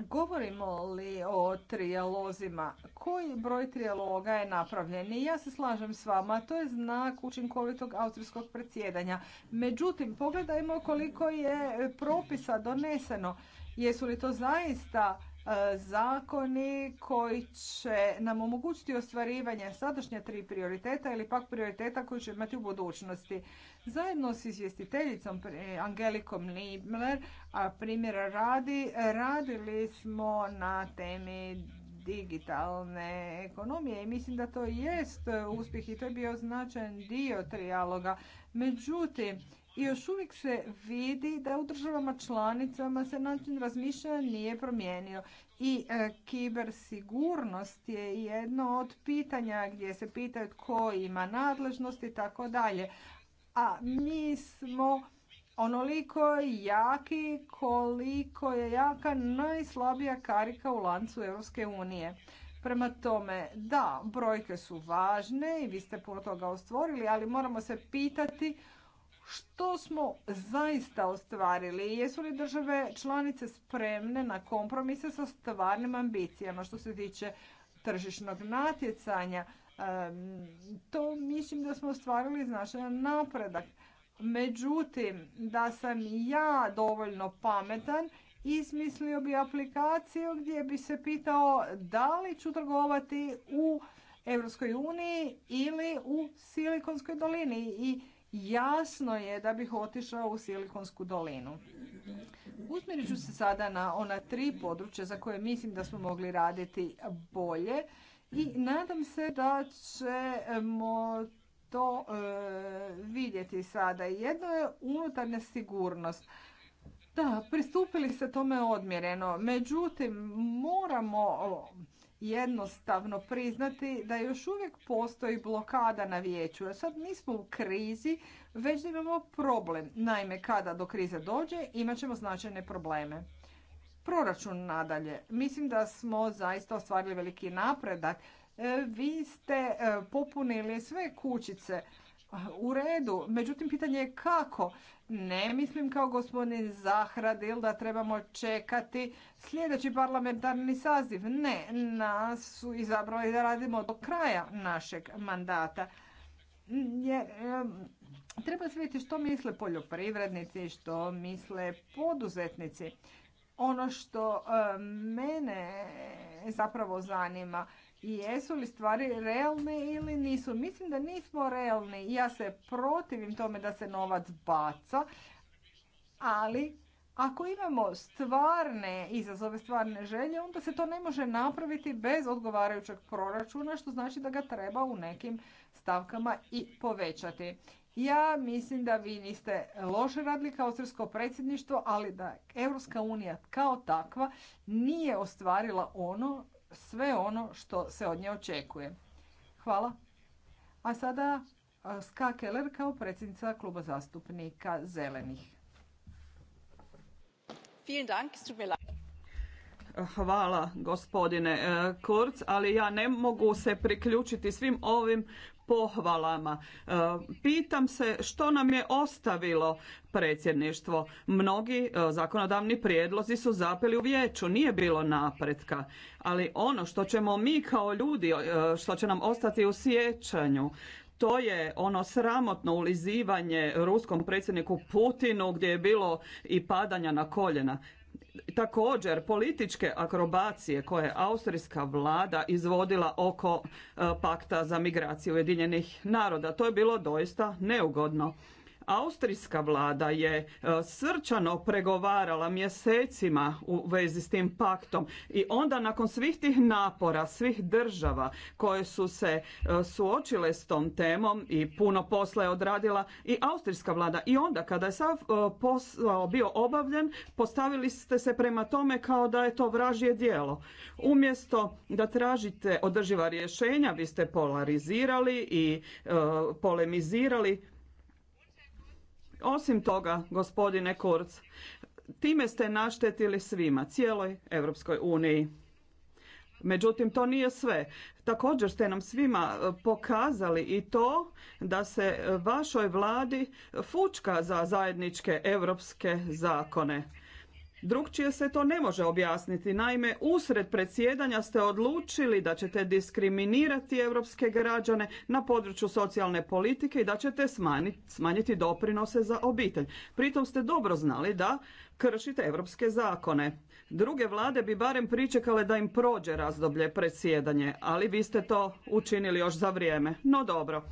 Govorimo li o trijalozima? Koji broj trijaloga je napravljen? I ja se slažem s vama, to je znak učinkovitog austrijskog predsjedanja. Međutim, pogledajmo koliko je propisa doneseno. Jesu li to zaista E, zakoni koji će nam omogućiti ostvarivanje sadašnja tri prioriteta ili pak prioriteta koji će imati u budućnosti. Zajedno s izvjestiteljicom Angelikom Nibler, a primjera radi, radili smo na temi digitalne ekonomije i mislim da to jest uspjeh i to je bio značajan dio trijaloga. Međutim, i još uvijek se vidi da u državama članicama se način razmišljanja nije promijenio. I e, kibersigurnost je jedno od pitanja gdje se pitaju tko ima nadležnost i tako dalje. A mi smo onoliko jaki koliko je jaka najslabija karika u lancu Europske unije. Prema tome, da, brojke su važne i vi ste puno toga ostvorili, ali moramo se pitati što smo zaista ostvarili? Jesu li države članice spremne na kompromise sa stvarnim ambicijama što se tiče tržišnog natjecanja? To mislim da smo ostvarili značajan napredak. Međutim, da sam ja dovoljno pametan, izmislio bi aplikaciju gdje bi se pitao da li ću trgovati u Europskoj uniji ili u Silikonskoj dolini i jasno je da bih otišao u Silikonsku dolinu. Usmjerit ću se sada na ona tri područja za koje mislim da smo mogli raditi bolje i nadam se da ćemo to e, vidjeti sada. Jedno je unutarnja sigurnost. Da, pristupili se tome odmjereno. Međutim, moramo jednostavno priznati da još uvijek postoji blokada na vijeću. Jer sad nismo u krizi, već da imamo problem. Naime, kada do krize dođe, imat ćemo značajne probleme. Proračun nadalje. Mislim da smo zaista ostvarili veliki napredak. E, vi ste e, popunili sve kućice u redu. Međutim, pitanje je kako. Ne mislim kao gospodin Zahradil da trebamo čekati sljedeći parlamentarni saziv. Ne, nas su izabrali da radimo do kraja našeg mandata. Jer, treba se vidjeti što misle poljoprivrednici, što misle poduzetnici. Ono što mene zapravo zanima jesu li stvari realne ili nisu. Mislim da nismo realni. Ja se protivim tome da se novac baca, ali ako imamo stvarne izazove, stvarne želje, onda se to ne može napraviti bez odgovarajućeg proračuna, što znači da ga treba u nekim stavkama i povećati. Ja mislim da vi niste loše radili kao srpsko predsjedništvo, ali da Europska unija kao takva nije ostvarila ono sve ono što se od nje očekuje. Hvala. A sada e, Ska Keller kao predsjednica kluba zastupnika Zelenih. Hvala gospodine e, Kurz, ali ja ne mogu se priključiti svim ovim pohvalama. E, pitam se što nam je ostavilo predsjedništvo. Mnogi e, zakonodavni prijedlozi su zapeli u vijeću, nije bilo napretka. Ali ono što ćemo mi kao ljudi, e, što će nam ostati u sjećanju, to je ono sramotno ulizivanje ruskom predsjedniku Putinu gdje je bilo i padanja na koljena također političke akrobacije koje je austrijska vlada izvodila oko e, pakta za migraciju Ujedinjenih naroda. To je bilo doista neugodno. Austrijska vlada je e, srčano pregovarala mjesecima u vezi s tim paktom i onda nakon svih tih napora svih država koje su se e, suočile s tom temom i puno posla je odradila i austrijska vlada i onda kada je sav e, posao bio obavljen postavili ste se prema tome kao da je to vražje djelo. Umjesto da tražite održiva rješenja vi ste polarizirali i polemizirali osim toga, gospodine Kurz, time ste naštetili svima, cijeloj Europskoj uniji. Međutim, to nije sve. Također ste nam svima e, pokazali i to da se vašoj vladi fučka za zajedničke europske zakone. Drugčije se to ne može objasniti. Naime, usred predsjedanja ste odlučili da ćete diskriminirati europske građane na području socijalne politike i da ćete smanjiti, smanjiti doprinose za obitelj. Pritom ste dobro znali da kršite europske zakone. Druge vlade bi barem pričekale da im prođe razdoblje predsjedanje, ali vi ste to učinili još za vrijeme. No dobro.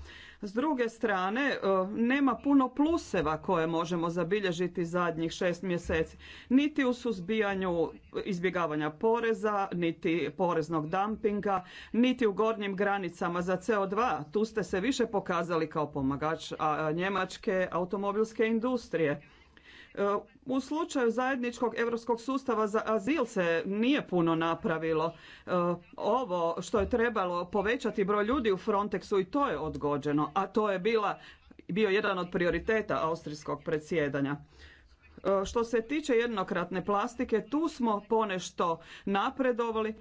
S druge strane, e, nema puno pluseva koje možemo zabilježiti zadnjih šest mjeseci, niti u suzbijanju izbjegavanja poreza, niti poreznog dumpinga, niti u gornjim granicama za CO2. Tu ste se više pokazali kao pomagač Njemačke automobilske industrije. U slučaju zajedničkog europskog sustava za azil se nije puno napravilo. E, ovo što je trebalo povećati broj ljudi u Frontexu i to je odgođeno, a to je bila, bio jedan od prioriteta austrijskog predsjedanja. E, što se tiče jednokratne plastike, tu smo ponešto napredovali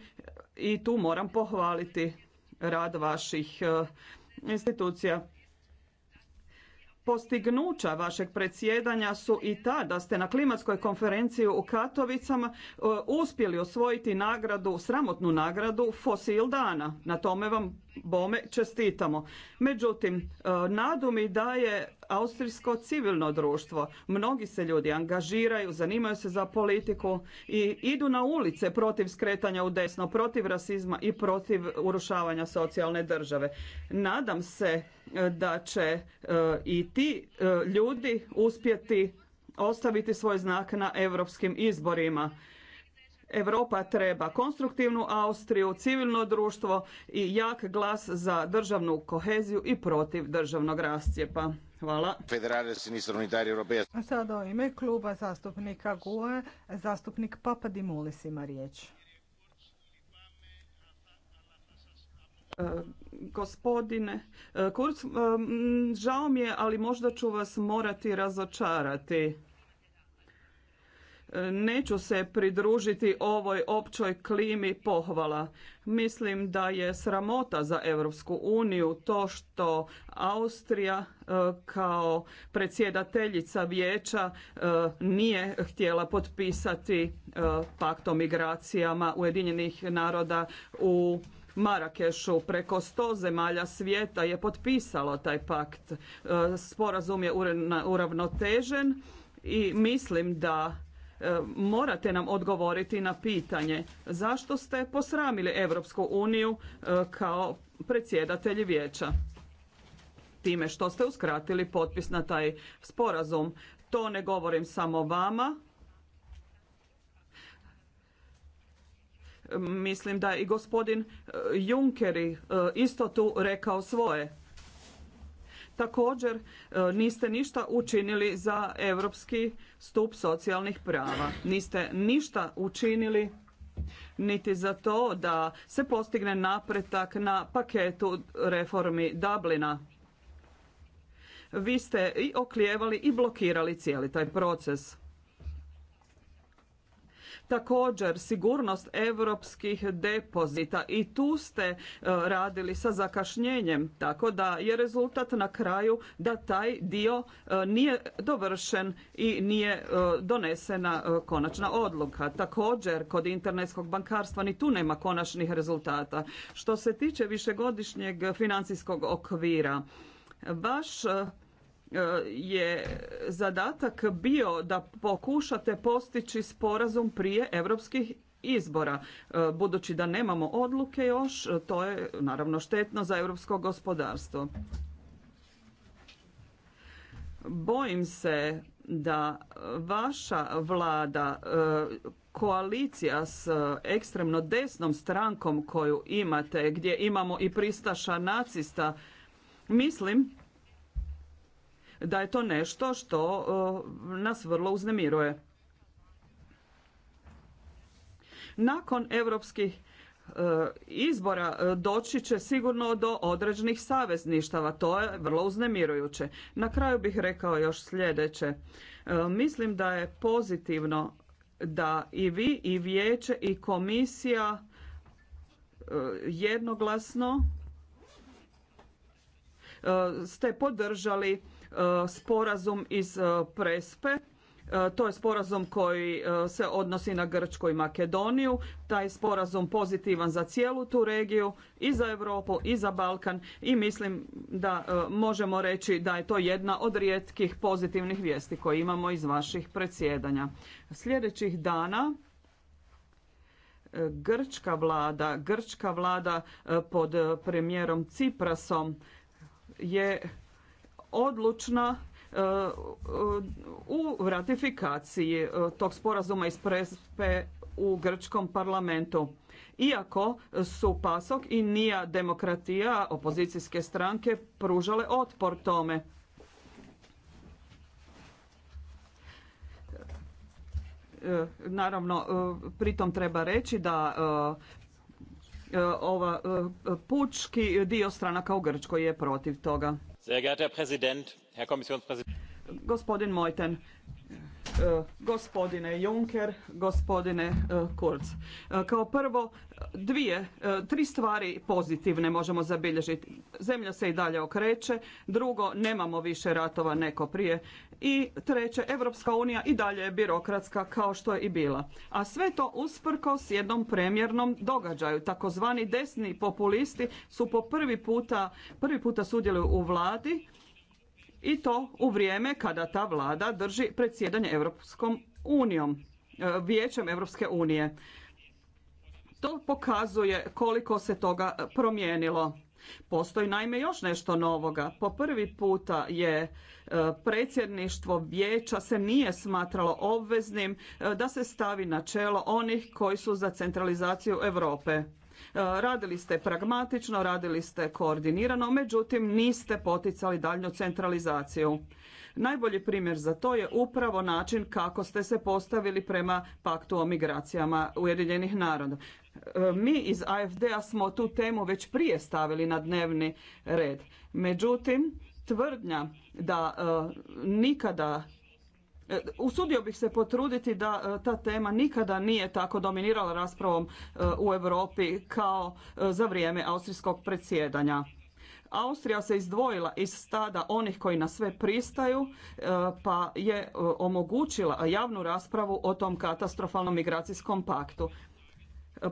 i tu moram pohvaliti rad vaših e, institucija postignuća vašeg predsjedanja su i ta da ste na klimatskoj konferenciji u Katovicama e, uspjeli osvojiti nagradu, sramotnu nagradu Fosil dana. Na tome vam bome čestitamo. Međutim, e, nadu mi daje austrijsko civilno društvo. Mnogi se ljudi angažiraju, zanimaju se za politiku i idu na ulice protiv skretanja u desno, protiv rasizma i protiv urušavanja socijalne države. Nadam se e, da će e, i ti e, ljudi uspjeti ostaviti svoj znak na europskim izborima Europa treba konstruktivnu Austriju, civilno društvo i jak glas za državnu koheziju i protiv državnog rascijepa. Hvala. Federale Sinistra Europeja. sada o ime kluba zastupnika GUE, zastupnik Dimulis ima riječ. E, gospodine e, e, žao mi je, ali možda ću vas morati razočarati. Neću se pridružiti ovoj općoj klimi pohvala. Mislim da je sramota za Europsku uniju to što Austrija e, kao predsjedateljica vijeća e, nije htjela potpisati e, pakt o migracijama Ujedinjenih naroda u Marakešu preko sto zemalja svijeta je potpisalo taj pakt. Sporazum je uravnotežen i mislim da E, morate nam odgovoriti na pitanje zašto ste posramili Europsku uniju e, kao predsjedatelji vijeća time što ste uskratili potpis na taj sporazum. To ne govorim samo vama. Mislim da i gospodin e, Juncker isto tu rekao svoje. Također e, niste ništa učinili za europski stup socijalnih prava. Niste ništa učinili niti za to da se postigne napretak na paketu reformi Dublina. Vi ste i oklijevali i blokirali cijeli taj proces. Također, sigurnost europskih depozita i tu ste e, radili sa zakašnjenjem, tako da je rezultat na kraju da taj dio e, nije dovršen i nije e, donesena konačna odluka. Također, kod internetskog bankarstva ni tu nema konačnih rezultata. Što se tiče višegodišnjeg financijskog okvira, vaš je zadatak bio da pokušate postići sporazum prije europskih izbora. E, budući da nemamo odluke još, to je naravno štetno za europsko gospodarstvo. Bojim se da vaša vlada e, koalicija s ekstremno desnom strankom koju imate, gdje imamo i pristaša nacista, mislim da je to nešto što e, nas vrlo uznemiruje. Nakon europskih e, izbora e, doći će sigurno do određenih savezništava. To je vrlo uznemirujuće. Na kraju bih rekao još sljedeće. Mislim da je pozitivno da i vi i vijeće i komisija jednoglasno ste podržali E, sporazum iz e, Prespe. E, to je sporazum koji se odnosi na Grčku i Makedoniju. Taj sporazum pozitivan za cijelu tu regiju i za Europu i za Balkan i mislim da možemo reći da je to jedna od rijetkih pozitivnih vijesti koje imamo iz vaših predsjedanja. Sljedećih dana grčka vlada, grčka vlada pod premijerom Ciprasom je odlučna e, u ratifikaciji e, tog sporazuma iz Prespe u grčkom parlamentu. Iako su PASOK i Nija demokratija opozicijske stranke pružale otpor tome. E, naravno, pritom treba reći da E, ova e, pučki dio stranaka u Grčkoj je protiv toga. Gospodin Mojten, E, gospodine Juncker, gospodine e, Kurz. E, kao prvo, dvije, tri stvari pozitivne možemo zabilježiti. Zemlja se i dalje okreće, drugo, nemamo više ratova neko prije i treće, Evropska unija i dalje je birokratska kao što je i bila. A sve to s jednom premjernom događaju. Takozvani desni populisti su po prvi puta, prvi puta sudjeluju u vladi i to u vrijeme kada ta vlada drži predsjedanje Europskom unijom, e, vijećem Europske unije. To pokazuje koliko se toga promijenilo. Postoji naime još nešto novoga. Po prvi puta je e, predsjedništvo vijeća se nije smatralo obveznim e, da se stavi na čelo onih koji su za centralizaciju Europe. Radili ste pragmatično, radili ste koordinirano, međutim niste poticali daljnju centralizaciju. Najbolji primjer za to je upravo način kako ste se postavili prema paktu o migracijama Ujedinjenih naroda. Mi iz AFD-a smo tu temu već prije stavili na dnevni red. Međutim, tvrdnja da e, nikada E, usudio bih se potruditi da e, ta tema nikada nije tako dominirala raspravom e, u Europi kao za vrijeme austrijskog predsjedanja. Austrija se izdvojila iz stada onih koji na sve pristaju, pa je omogućila javnu raspravu o tom katastrofalnom migracijskom paktu.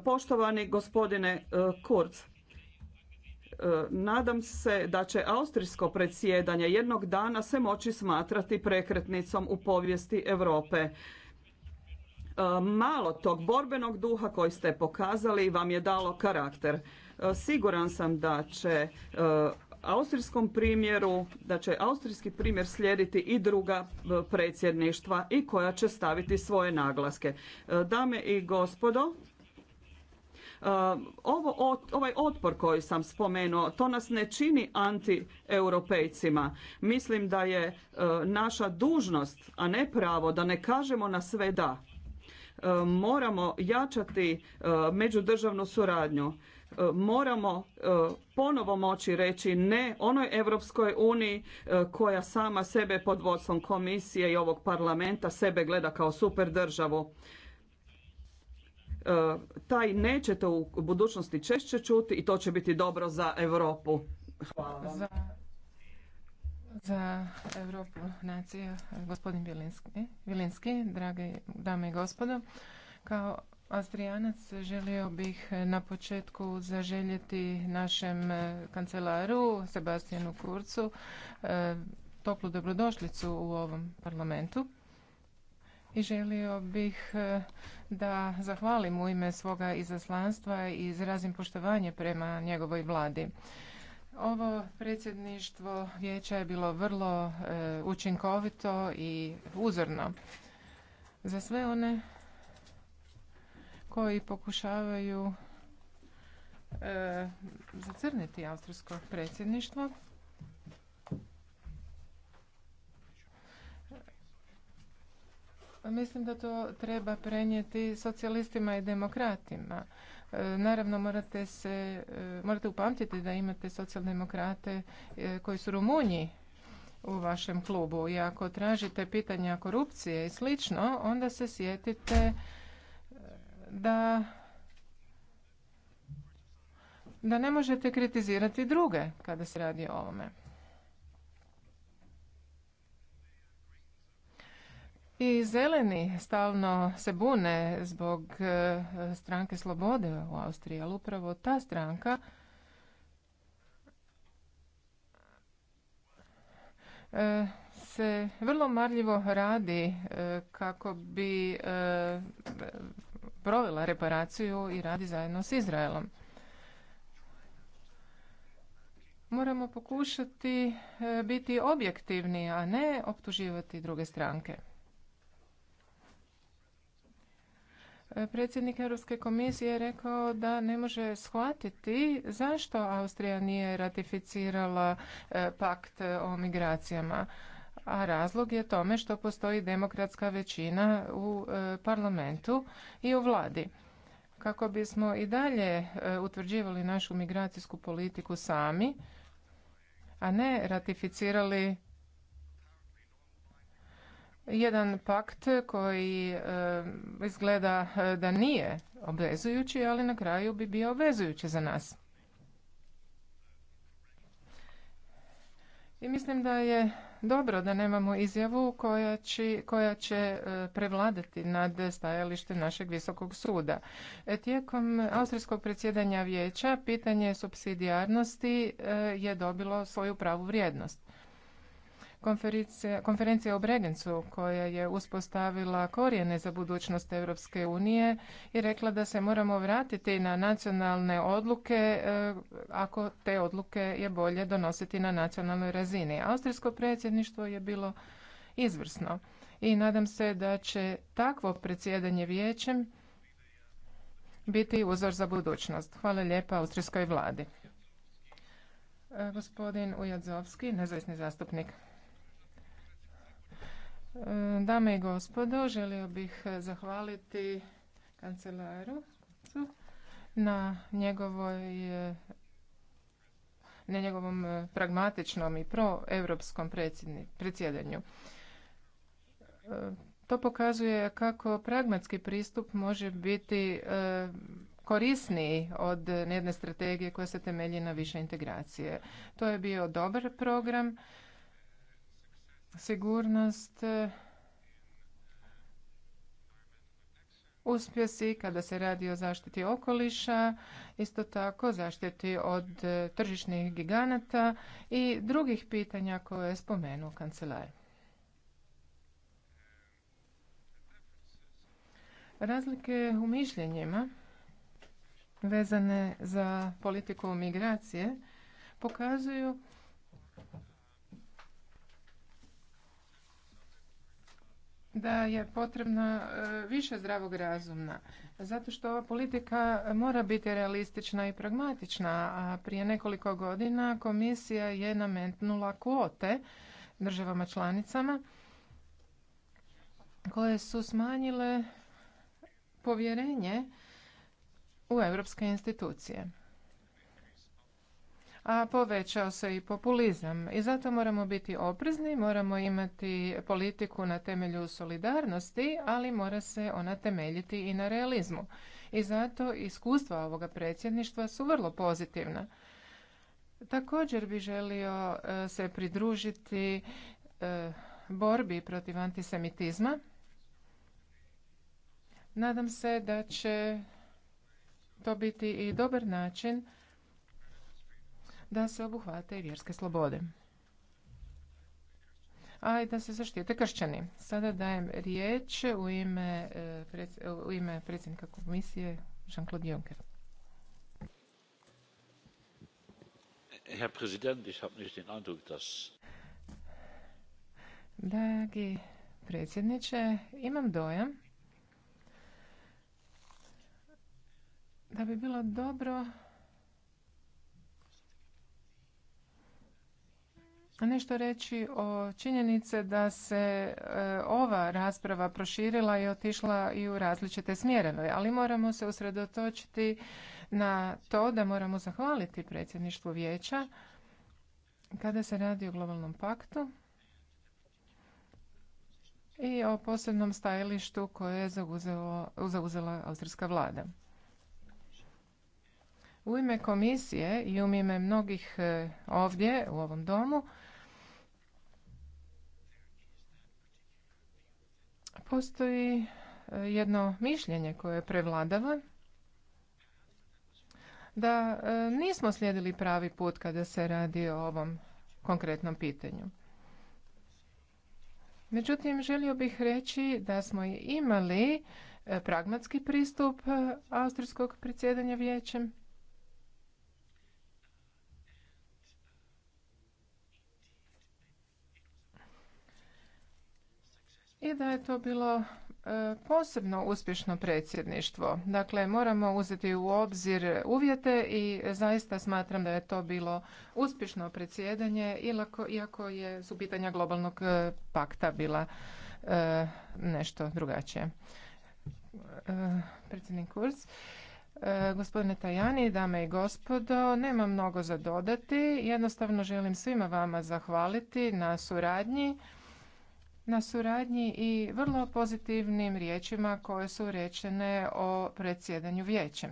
Poštovani gospodine Kurz, E, nadam se da će austrijsko predsjedanje jednog dana se moći smatrati prekretnicom u povijesti Europe. E, malo tog borbenog duha koji ste pokazali vam je dalo karakter. E, siguran sam da će austrijskom primjeru, da će austrijski primjer slijediti i druga predsjedništva i koja će staviti svoje naglaske. Dame i gospodo, Uh, ovo, ovaj otpor koji sam spomenuo, to nas ne čini anti-europejcima. Mislim da je uh, naša dužnost, a ne pravo, da ne kažemo na sve da. Uh, moramo jačati međudržavnu suradnju moramo ponovo moći reći ne onoj Europskoj uniji koja sama sebe pod vodstvom komisije i ovog parlamenta sebe gleda kao super državu. E, taj nećete u budućnosti češće čuti i to će biti dobro za Europu. Hvala Za, za Europu nacija, gospodin Vilinski, Vilinski, drage dame i gospodo, kao Austrijanac želio bih na početku zaželjeti našem e, kancelaru Sebastijanu Kurcu e, toplu dobrodošlicu u ovom parlamentu i želio bih e, da zahvalim u ime svoga izaslanstva i izrazim poštovanje prema njegovoj vladi. Ovo predsjedništvo vijeća je bilo vrlo e, učinkovito i uzorno. Za sve one koji pokušavaju e, zacrniti austrijsko predsjedništvo, Mislim da to treba prenijeti socijalistima i demokratima. E, naravno morate se, e, morate upamtiti da imate socijaldemokrate e, koji su Rumunji u vašem klubu i ako tražite pitanja korupcije i slično, onda se sjetite da da ne možete kritizirati druge kada se radi o ovome. I zeleni stalno se bune zbog e, stranke slobode u Austriji, ali upravo ta stranka e, se vrlo marljivo radi e, kako bi provela reparaciju i radi zajedno s Izraelom. Moramo pokušati biti objektivni, a ne optuživati druge stranke. Predsjednik Europske komisije je rekao da ne može shvatiti zašto Austrija nije ratificirala e, pakt o migracijama. A razlog je tome što postoji demokratska većina u e, parlamentu i u vladi. Kako bismo i dalje e, utvrđivali našu migracijsku politiku sami, a ne ratificirali jedan pakt koji eh, izgleda eh, da nije obvezujući, ali na kraju bi bio obvezujući za nas. I mislim da je dobro da nemamo izjavu koja će, koja će eh, prevladati nad stajalište našeg visokog suda. E, tijekom austrijskog predsjedanja vijeća pitanje subsidijarnosti je dobilo svoju pravu vrijednost. Konferencija, konferencija o Bregencu koja je uspostavila korijene za budućnost Europske unije i rekla da se moramo vratiti na nacionalne odluke e, ako te odluke je bolje donositi na nacionalnoj razini. Austrijsko predsjedništvo je bilo izvrsno i nadam se da će takvo predsjedanje vijećem biti uzor za budućnost. Hvala lijepa austrijskoj vladi. E, gospodin Ujadzovski, nezavisni zastupnik. E, dame i gospodo, želio bih zahvaliti kancelaru na njegovoj e, na njegovom e, pragmatičnom i proevropskom predsjedanju. To pokazuje kako pragmatski pristup može biti korisniji od jedne strategije koja se temelji na više integracije. To je bio dobar program sigurnost, e, uspjesi kada se radi o zaštiti okoliša, isto tako zaštiti od e, tržišnih giganata i drugih pitanja koje je spomenuo kancelar. Razlike u mišljenjima vezane za politiku migracije pokazuju da je potrebna e, više zdravog razumna. Zato što ova politika mora biti realistična i pragmatična, a prije nekoliko godina komisija je nametnula kvote državama članicama koje su smanjile povjerenje u europske institucije a povećao se i populizam. I zato moramo biti oprezni, moramo imati politiku na temelju solidarnosti, ali mora se ona temeljiti i na realizmu. I zato iskustva ovoga predsjedništva su vrlo pozitivna. Također bi želio e, se pridružiti e, borbi protiv antisemitizma. Nadam se da će to biti i dobar način da se obuhvate i vjerske slobode. A i da se zaštite kršćani. Sada dajem riječ u ime, e, e, u ime predsjednika komisije Jean-Claude Juncker. Herr Dragi predsjedniče, imam dojam da bi bilo dobro nešto reći o činjenice da se e, ova rasprava proširila i otišla i u različite smjerove, ali moramo se usredotočiti na to da moramo zahvaliti predsjedništvu vijeća kada se radi o globalnom paktu i o posebnom stajalištu koje je zauzela austrijska vlada. U ime komisije i u ime mnogih e, ovdje u ovom domu Postoji e, jedno mišljenje koje prevladava da e, nismo slijedili pravi put kada se radi o ovom konkretnom pitanju. Međutim, želio bih reći da smo imali e, pragmatski pristup austrijskog predsjedanja vijećem i da je to bilo e, posebno uspješno predsjedništvo. Dakle, moramo uzeti u obzir uvjete i zaista smatram da je to bilo uspješno predsjedanje, iako je su pitanja globalnog e, pakta bila e, nešto drugačije. Predsjednik Kurs. Gospodine Tajani, dame i gospodo, nema mnogo za dodati. Jednostavno želim svima vama zahvaliti na suradnji na suradnji i vrlo pozitivnim riječima koje su rečene o predsjedanju vijećem.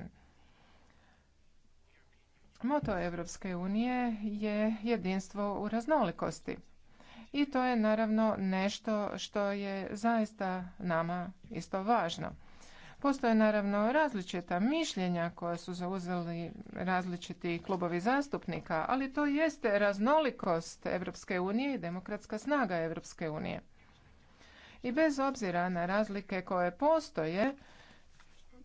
Moto Europske unije je jedinstvo u raznolikosti. I to je naravno nešto što je zaista nama isto važno. Postoje naravno različita mišljenja koja su zauzeli različiti klubovi zastupnika, ali to jeste raznolikost Europske unije i demokratska snaga Europske unije i bez obzira na razlike koje postoje,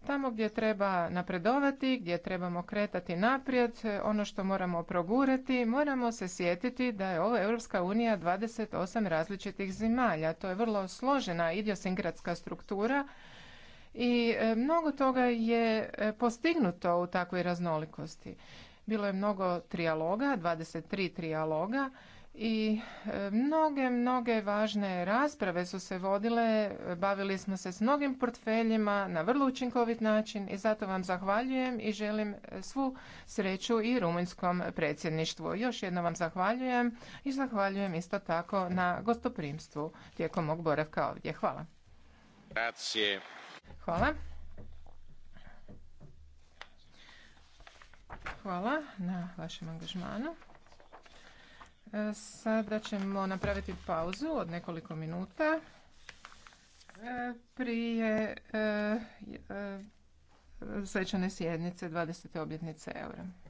tamo gdje treba napredovati, gdje trebamo kretati naprijed, ono što moramo progurati, moramo se sjetiti da je ovo Europska unija 28 različitih zemalja. To je vrlo složena idiosinkratska struktura i e, mnogo toga je e, postignuto u takvoj raznolikosti. Bilo je mnogo trijaloga, 23 trijaloga, i e, mnoge, mnoge važne rasprave su se vodile, bavili smo se s mnogim portfeljima na vrlo učinkovit način i zato vam zahvaljujem i želim e, svu sreću i rumunjskom predsjedništvu. Još jedno vam zahvaljujem i zahvaljujem isto tako na gostoprimstvu tijekom mog boravka ovdje. Hvala. Grazie. Hvala. Hvala na vašem angažmanu. E, sada ćemo napraviti pauzu od nekoliko minuta e, prije e, svečane sjednice 20. obljetnice eura.